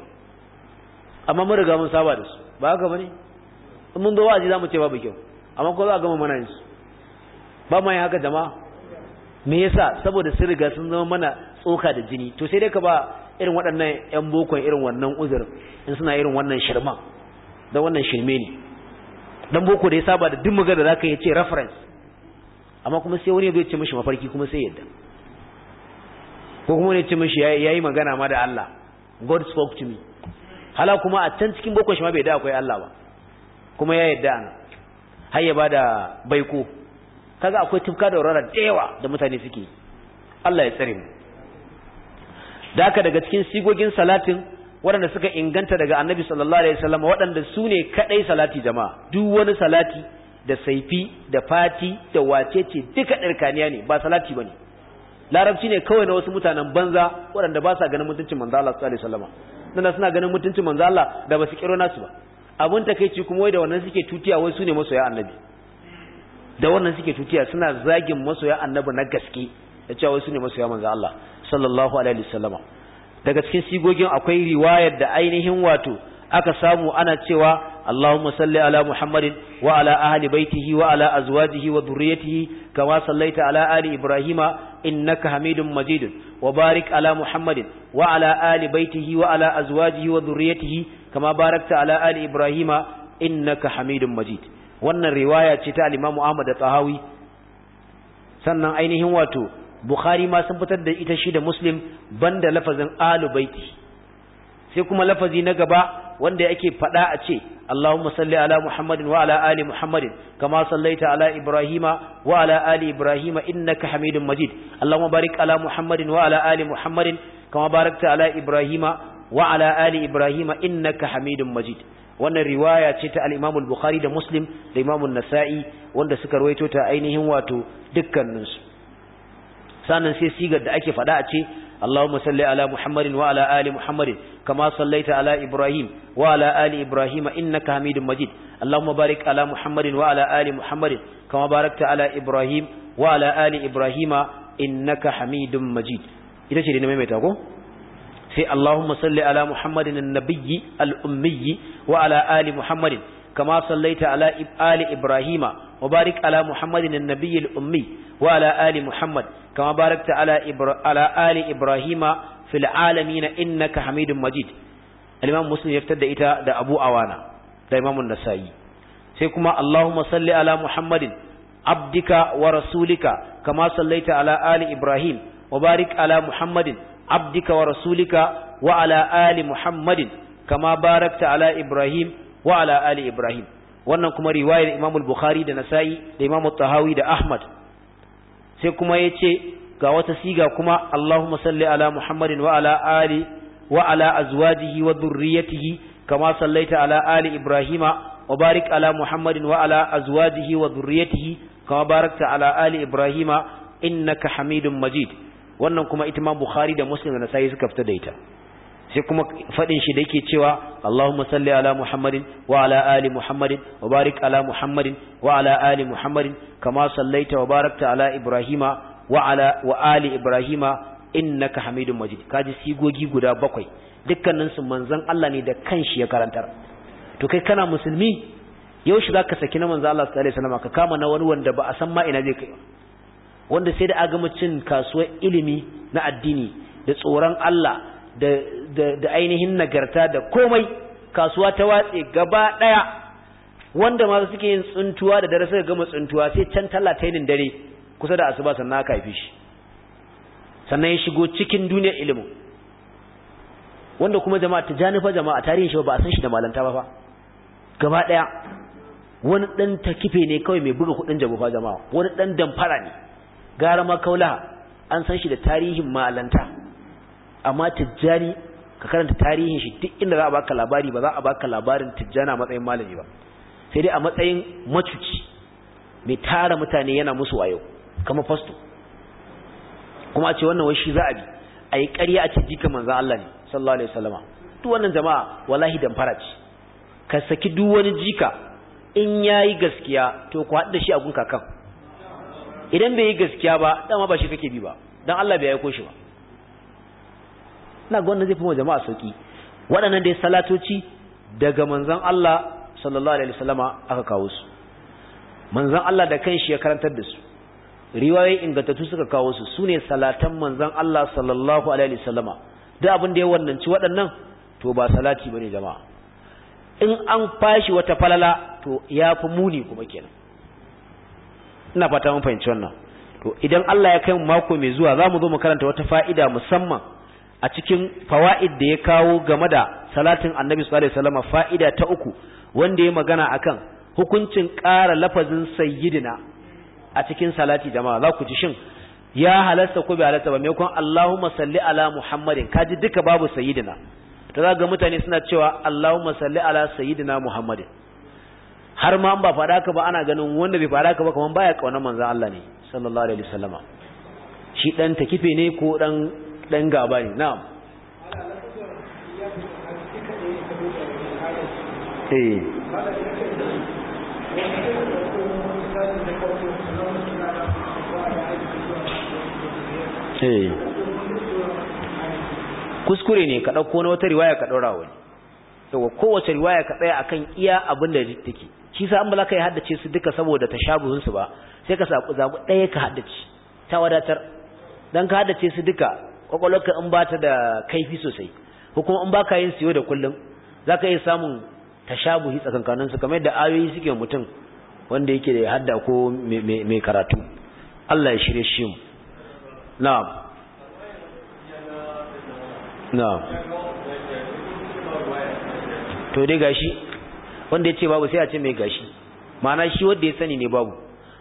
amma mun riga mun saba da su ba haka bane in mun zo wa'azi za mu ce babu kyau amma ko za a gama mana yin su ba ma yin haka jama'a me yasa saboda sun riga sun zama mana tsoka da jini to sai dai ka ba irin waɗannan yan bokon irin wannan uzurin in suna irin wannan shirman da wannan shirme ne dan boko da ya saba da duk magana da zaka yi ce reference amma kuma sai wani ya zo ya ce mishi mafarki kuma sai yadda ko kuma ne ce mishi yayi magana ma da Allah God spoke to me hala kuma a can cikin boko shi ma bai da akwai Allah ba kuma ya yadda ana har ya bada baiko kaga akwai tufka da aurora da yawa da mutane suke Allah ya tsare mu Da daka daga cikin sigogin salatin waɗanda suka inganta daga Annabi sallallahu alaihi wasallam waɗanda su ne kadai salati jama'a duk wani salati da saifi da fati da wacece duka ɗarkaniya ne ba salati bane larabci ne kawai na wasu mutanen banza waɗanda ba sa ganin mutuncin manzo Allah sallallahu alaihi wasallam nan suna ganin mutuncin manzo Allah da ba su kiro nasu ba abun takeici kuma wai da wannan suke tutiya wai su ne masoya annabi da wannan suke tutiya suna zagin masoya annabi na gaske da cewa wai su ne masoya manzo Allah sallallahu alaihi wasallam daga cikin sigogin akwai riwayar da ainihin wato aka samu ana cewa اللهم صل على محمد وعلى أهل بيته وعلى أزواجه وذريته كما صليت على آل إبراهيم إنك حميد مجيد وبارك على محمد وعلى آل بيته وعلى أزواجه وذريته كما باركت على آل إبراهيم إنك حميد مجيد wannan riwaya ce ta Imam Ahmad da Tahawi sannan ainihin wato Bukhari ma sun fitar da ita shi da Muslim banda lafazin alu baiti sai kuma lafazi na gaba wanda yake faɗa a ce Allahumma salli ala Muhammadin wa ala ali Muhammadin kama sallaita ala Ibrahima wa ala ali Ibrahima innaka Hamidum Majid Allahumma barik ala Muhammadin wa ala ali Muhammadin kama barakta ala Ibrahima wa ala ali Ibrahima innaka Hamidum Majid wannan riwaya ce ta al-Imam bukhari da Muslim da Imam an-Nasa'i wanda suka rawaito ta ainihin wato dukkaninsu sannan sai sigar da ake faɗa a ce اللهم صل على محمد وعلى آل محمد كما صليت على إبراهيم وعلى آل إبراهيم إنك حميد مجيد اللهم بارك على محمد وعلى آل محمد كما باركت على إبراهيم وعلى آل إبراهيم إنك حميد مجيد إذا شيء نمي في اللهم صل على محمد النبي الأمي وعلى آل محمد كما صليت على آل إبراهيم وبارك على محمد النبي الأمي وعلى آل محمد كما باركت على, إبرا على آل إبراهيم في العالمين إنك حميد مجيد الإمام مسلم يبتدى إتا دا أبو أوانا دا إمام النسائي سيكما اللهم صل على محمد عبدك ورسولك كما صليت على آل إبراهيم وبارك على محمد عبدك ورسولك وعلى آل محمد كما باركت على إبراهيم وعلى آل إبراهيم wannan kuma riwayar Imam al-Bukhari da Nasa'i da Imam al-Tahawi da Ahmad sai kuma ya ce ga wata siga kuma Allahumma salli ala Muhammadin wa ala ali wa ala azwajihi wa dhurriyyatihi kama sallaita ala ali Ibrahima wa barik ala Muhammadin wa ala azwajihi wa dhurriyyatihi kama barakta ala ali Ibrahima innaka Hamidum Majid wannan kuma ita ma Bukhari da Muslim da Nasa'i suka fita da ita sai kuma faɗin shi da yake cewa Allahumma salli ala Muhammadin wa ala ali Muhammadin wa barik ala Muhammadin wa ala ali Muhammadin kama sallaita wa barakta ala Ibrahima wa ala wa ali Ibrahima innaka Hamidum Majid kaji sigogi guda bakwai dukkanin su manzon Allah ne da kanshi ya karantar to kai kana musulmi yau shi zaka saki na manzon Allah sallallahu alaihi wasallam ka kama na wani wanda ba a san ma ina zai kai wanda sai da aga cin kasuwar ilimi na addini da tsoron Allah da ainihin nagarta da komai kasuwa ta watse gaba ɗaya wanda ma suke yin tsuntuwa da dare suka gama tsuntuwa sai can talatainin dare kusa da asuba sannan aka haife shi sannan ya shigo cikin duniyar ilimin wanda kuma jama'a ta janifa jama'a tarihin shi ba a san shi da malanta ba fa gaba ɗaya wani ɗan kife ne kawai mai buga kuɗin jabo fa jama'a wani ɗan damfara ne gara ma an san shi da tarihin malanta amma tijjani ka karanta tarihin shi duk inda za a baka labari ba za a baka labarin tijjani a matsayin malami ba sai dai a matsayin macuci mai tara mutane yana musu wayo kama fasto kuma a ce wannan wai shi za a bi a yi ƙarya a ce jika manzan Allah ne sallallahu alaihi wasallama duk wannan jama'a wallahi fara ci ka saki duk wani jika in yayi gaskiya to ku haɗa shi a gun kakan idan bai yi gaskiya ba dama ba shi kake bi ba dan Allah bai aiko shi ba ina ga wannan zai fi mu jama'a sauki waɗannan dai salatoci daga manzon Allah sallallahu alaihi wasallama aka kawo su manzon Allah da kanshi ya karantar da su riwayoyi ingantattu suka kawo su sune salatan manzon Allah sallallahu alaihi wasallama duk abin da ya ci waɗannan to ba salati bane jama'a in an fashi wata falala to ya fi muni kuma kenan ina fata mun fahimci wannan to idan Allah ya kai mu mako mai zuwa zamu zo mu karanta wata fa'ida musamman a cikin fawaid da ya kawo game da salatin annabi sallallahu alaihi wasallam fa'ida ta uku wanda ya magana akan hukuncin ƙara lafazin sayyidina a cikin salati jama'a za ku ji shin ya halasta ko bai halasta ba maimakon Allahumma salli ala Muhammadin kaji duka babu sayyidina ta za ga mutane suna cewa Allahumma salli ala sayyidina Muhammadin har ma an ba faɗa ka ba ana ganin wanda bai faɗa ka ba kaman baya kauna manzon Allah ne sallallahu alaihi wasallama shi dan takife ne ko ɗan. dan gaba ne na'am eh eh kuskure ne ka ɗauko na wata riwaya ka ɗora wani yawa kowace riwaya ka tsaya akan iya abin da take shi sa an ba ka yi haddace su duka saboda ta shabuhun su ba sai ka zaɓi ɗaya ka haddace ta wadatar don ka haddace su duka kwakwalwarka in ba ta da kaifi sosai ko kuma in ka yin siyo da kullum za ka iya samun tashabuhi tsakankanin su kamar yadda ayoyi suke mutum wanda yake da hadda ko mai karatu Allah ya shirya shi mu na, na. to dai gashi wanda ya ce babu sai a ce mai gashi ma'ana shi wanda ya sani ne babu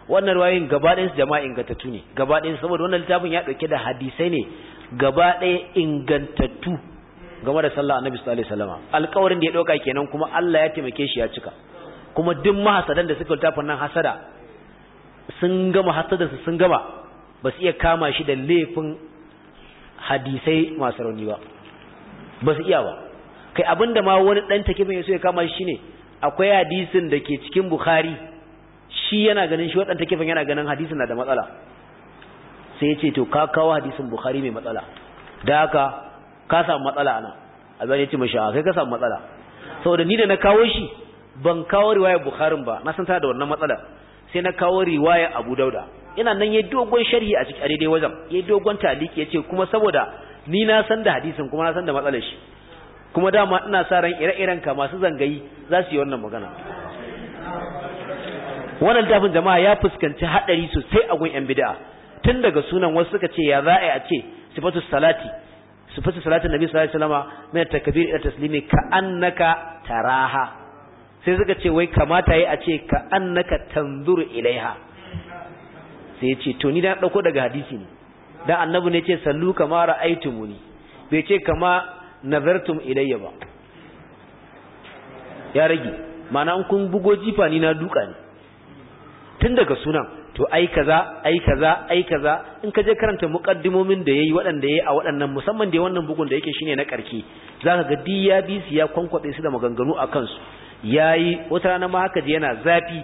wannan ruwayoyin gabaɗinsu jama'a ingantattu ne gabaɗinsu saboda wannan littafin ya ɗauke da hadisai ne gaba ɗaya ingantattu game da sallah annabi sallallahu alaihi wasallam alƙawarin da ya ɗauka kenan kuma Allah ya taimake shi ya cika kuma duk mahasadan da suka tafi nan hasada sun gama hasadan su sun gama ba su iya kama shi da laifin hadisai masu rauni ba ba su iya ba kai abinda ma wani dan take mai so ya kama shi shine akwai hadisin da ke cikin bukhari shi yana ganin shi waɗanda kifin yana ganin hadisin na da matsala sai ya ce to ka kawo hadisin bukhari mai matsala da haka ka samu matsala ana azan ya ce a, kai ka samu matsala saboda ni da na kawo shi ban kawo riwaya bukharin ba na san ta da wannan matsala sai na kawo riwaya abu dauda Ina nan ya dogon sharhi a cikin daidai wajen ya dogon taliki yace kuma saboda ni na san da hadisin kuma na san da matsalar shi kuma dama ina sa ran ire-iren ka masu zangayi za su yi wannan magana wannan tafin jama'a ya fuskanci hadari sosai a gun yan bid'a tun daga sunan wasu suka ce ya za'a a ce sifatu salati sifatu salatin nabi sallallahu alaihi wasallam min takbir ila taslimi ka annaka taraha sai suka ce wai kamata yi a ce ka annaka tanzuru ilaiha sai ya ce to ni da dauko daga hadisi ne dan annabi ne ya ce sallu kama ra'aytumuni bai ce kama nazartum ilayya ba ya rage ma'ana kun bugo jifa ni na duka ne tun daga sunan to ai kaza ai kaza ai kaza in ka je karanta muqaddimomin da yayi waɗanda yayi a waɗannan musamman da wannan bugun da yake shine na karki zaka ga di ya bi su ya kwankwabe su da maganganu a kansu yayi wata rana ma haka yana zafi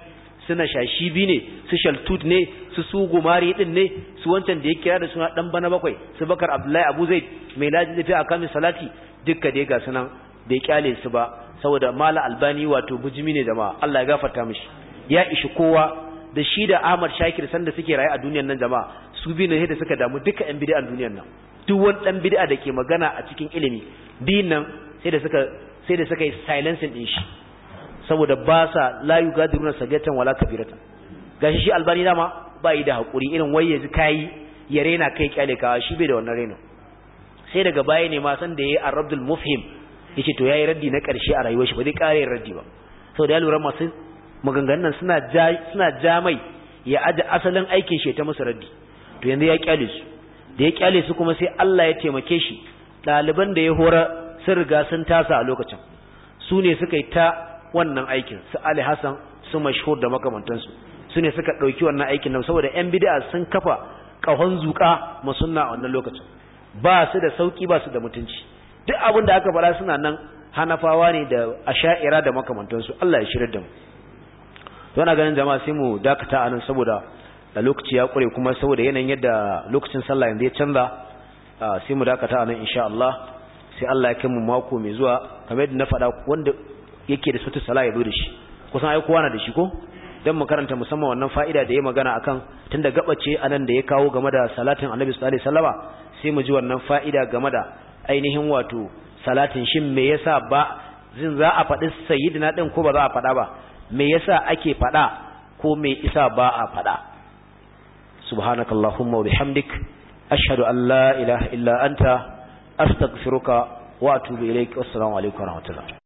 suna shashi bi ne su shaltut ne su su gumari din ne su wancan da ya kira da suna dan bana bakwai su bakar abdullahi abu zaid mai laji da fi mi salati dukka dai ga sunan da ya kyale su ba saboda mala albani wato bujimi ne da ma Allah ya gafarta mishi ya ishi kowa da shi da Ahmad Shakir sanda suke raye a duniyar nan jama'a su biyu ne da suka damu duka ɗan bid'a duniyar nan duk wani ɗan bid'a da ke magana a cikin ilimi biyun nan sai da suka sai da suka yi din shi saboda ba sa la yugadiruna sagatan wala kabiratan gashi shi albani dama ba yi da hakuri irin wai yanzu kai ya rena kai kyale kawa shi bai da wannan reno sai daga baya ne ma san da yayi Arabdul Mufhim yace to yayi raddi na karshe a rayuwar shi ba zai kare raddi ba saboda ya lura masu maganganun suna ja suna jamai ya aje asalin aikin shi ta masa to yanzu ya kyale su da ya kyale su kuma sai Allah ya taimake shi ɗaliban da ya hora sun riga sun tasa a lokacin su ne suka yi ta wannan aikin su Ali Hassan su mashhur da makamantansu su ne suka ɗauki wannan aikin nan saboda yan bid'a sun kafa kahon zuƙa masunna a wannan lokacin ba su da sauki ba su da mutunci duk abin da aka fara suna nan hanafawa ne da asha'ira da makamantansu Allah ya shirar da mu to ana ganin jama'a sai mu dakata anan saboda da lokaci ya kure kuma saboda yanayin yadda lokacin sallah yanzu ya canza sai mu dakata anan insha Allah sai Allah ya kai mu mako mai zuwa kamar yadda na faɗa wanda yake da sutu sallah ya zo da shi kusan ai kowa na da shi ko dan mu karanta musamman wannan fa'ida da ya magana akan tunda gabace anan da ya kawo game da salatin Annabi sallallahu alaihi wasallama sai mu ji wannan fa'ida game da ainihin wato salatin shin me yasa ba zin za a faɗi sayyidina din ko ba za a faɗa ba me yasa ake faɗa ko me isa ba a faɗa subhanakallahumma wa bihamdik ashhadu an la ilaha illa anta astaghfiruka wa atubu ilaik assalamu alaikum wa rahmatullah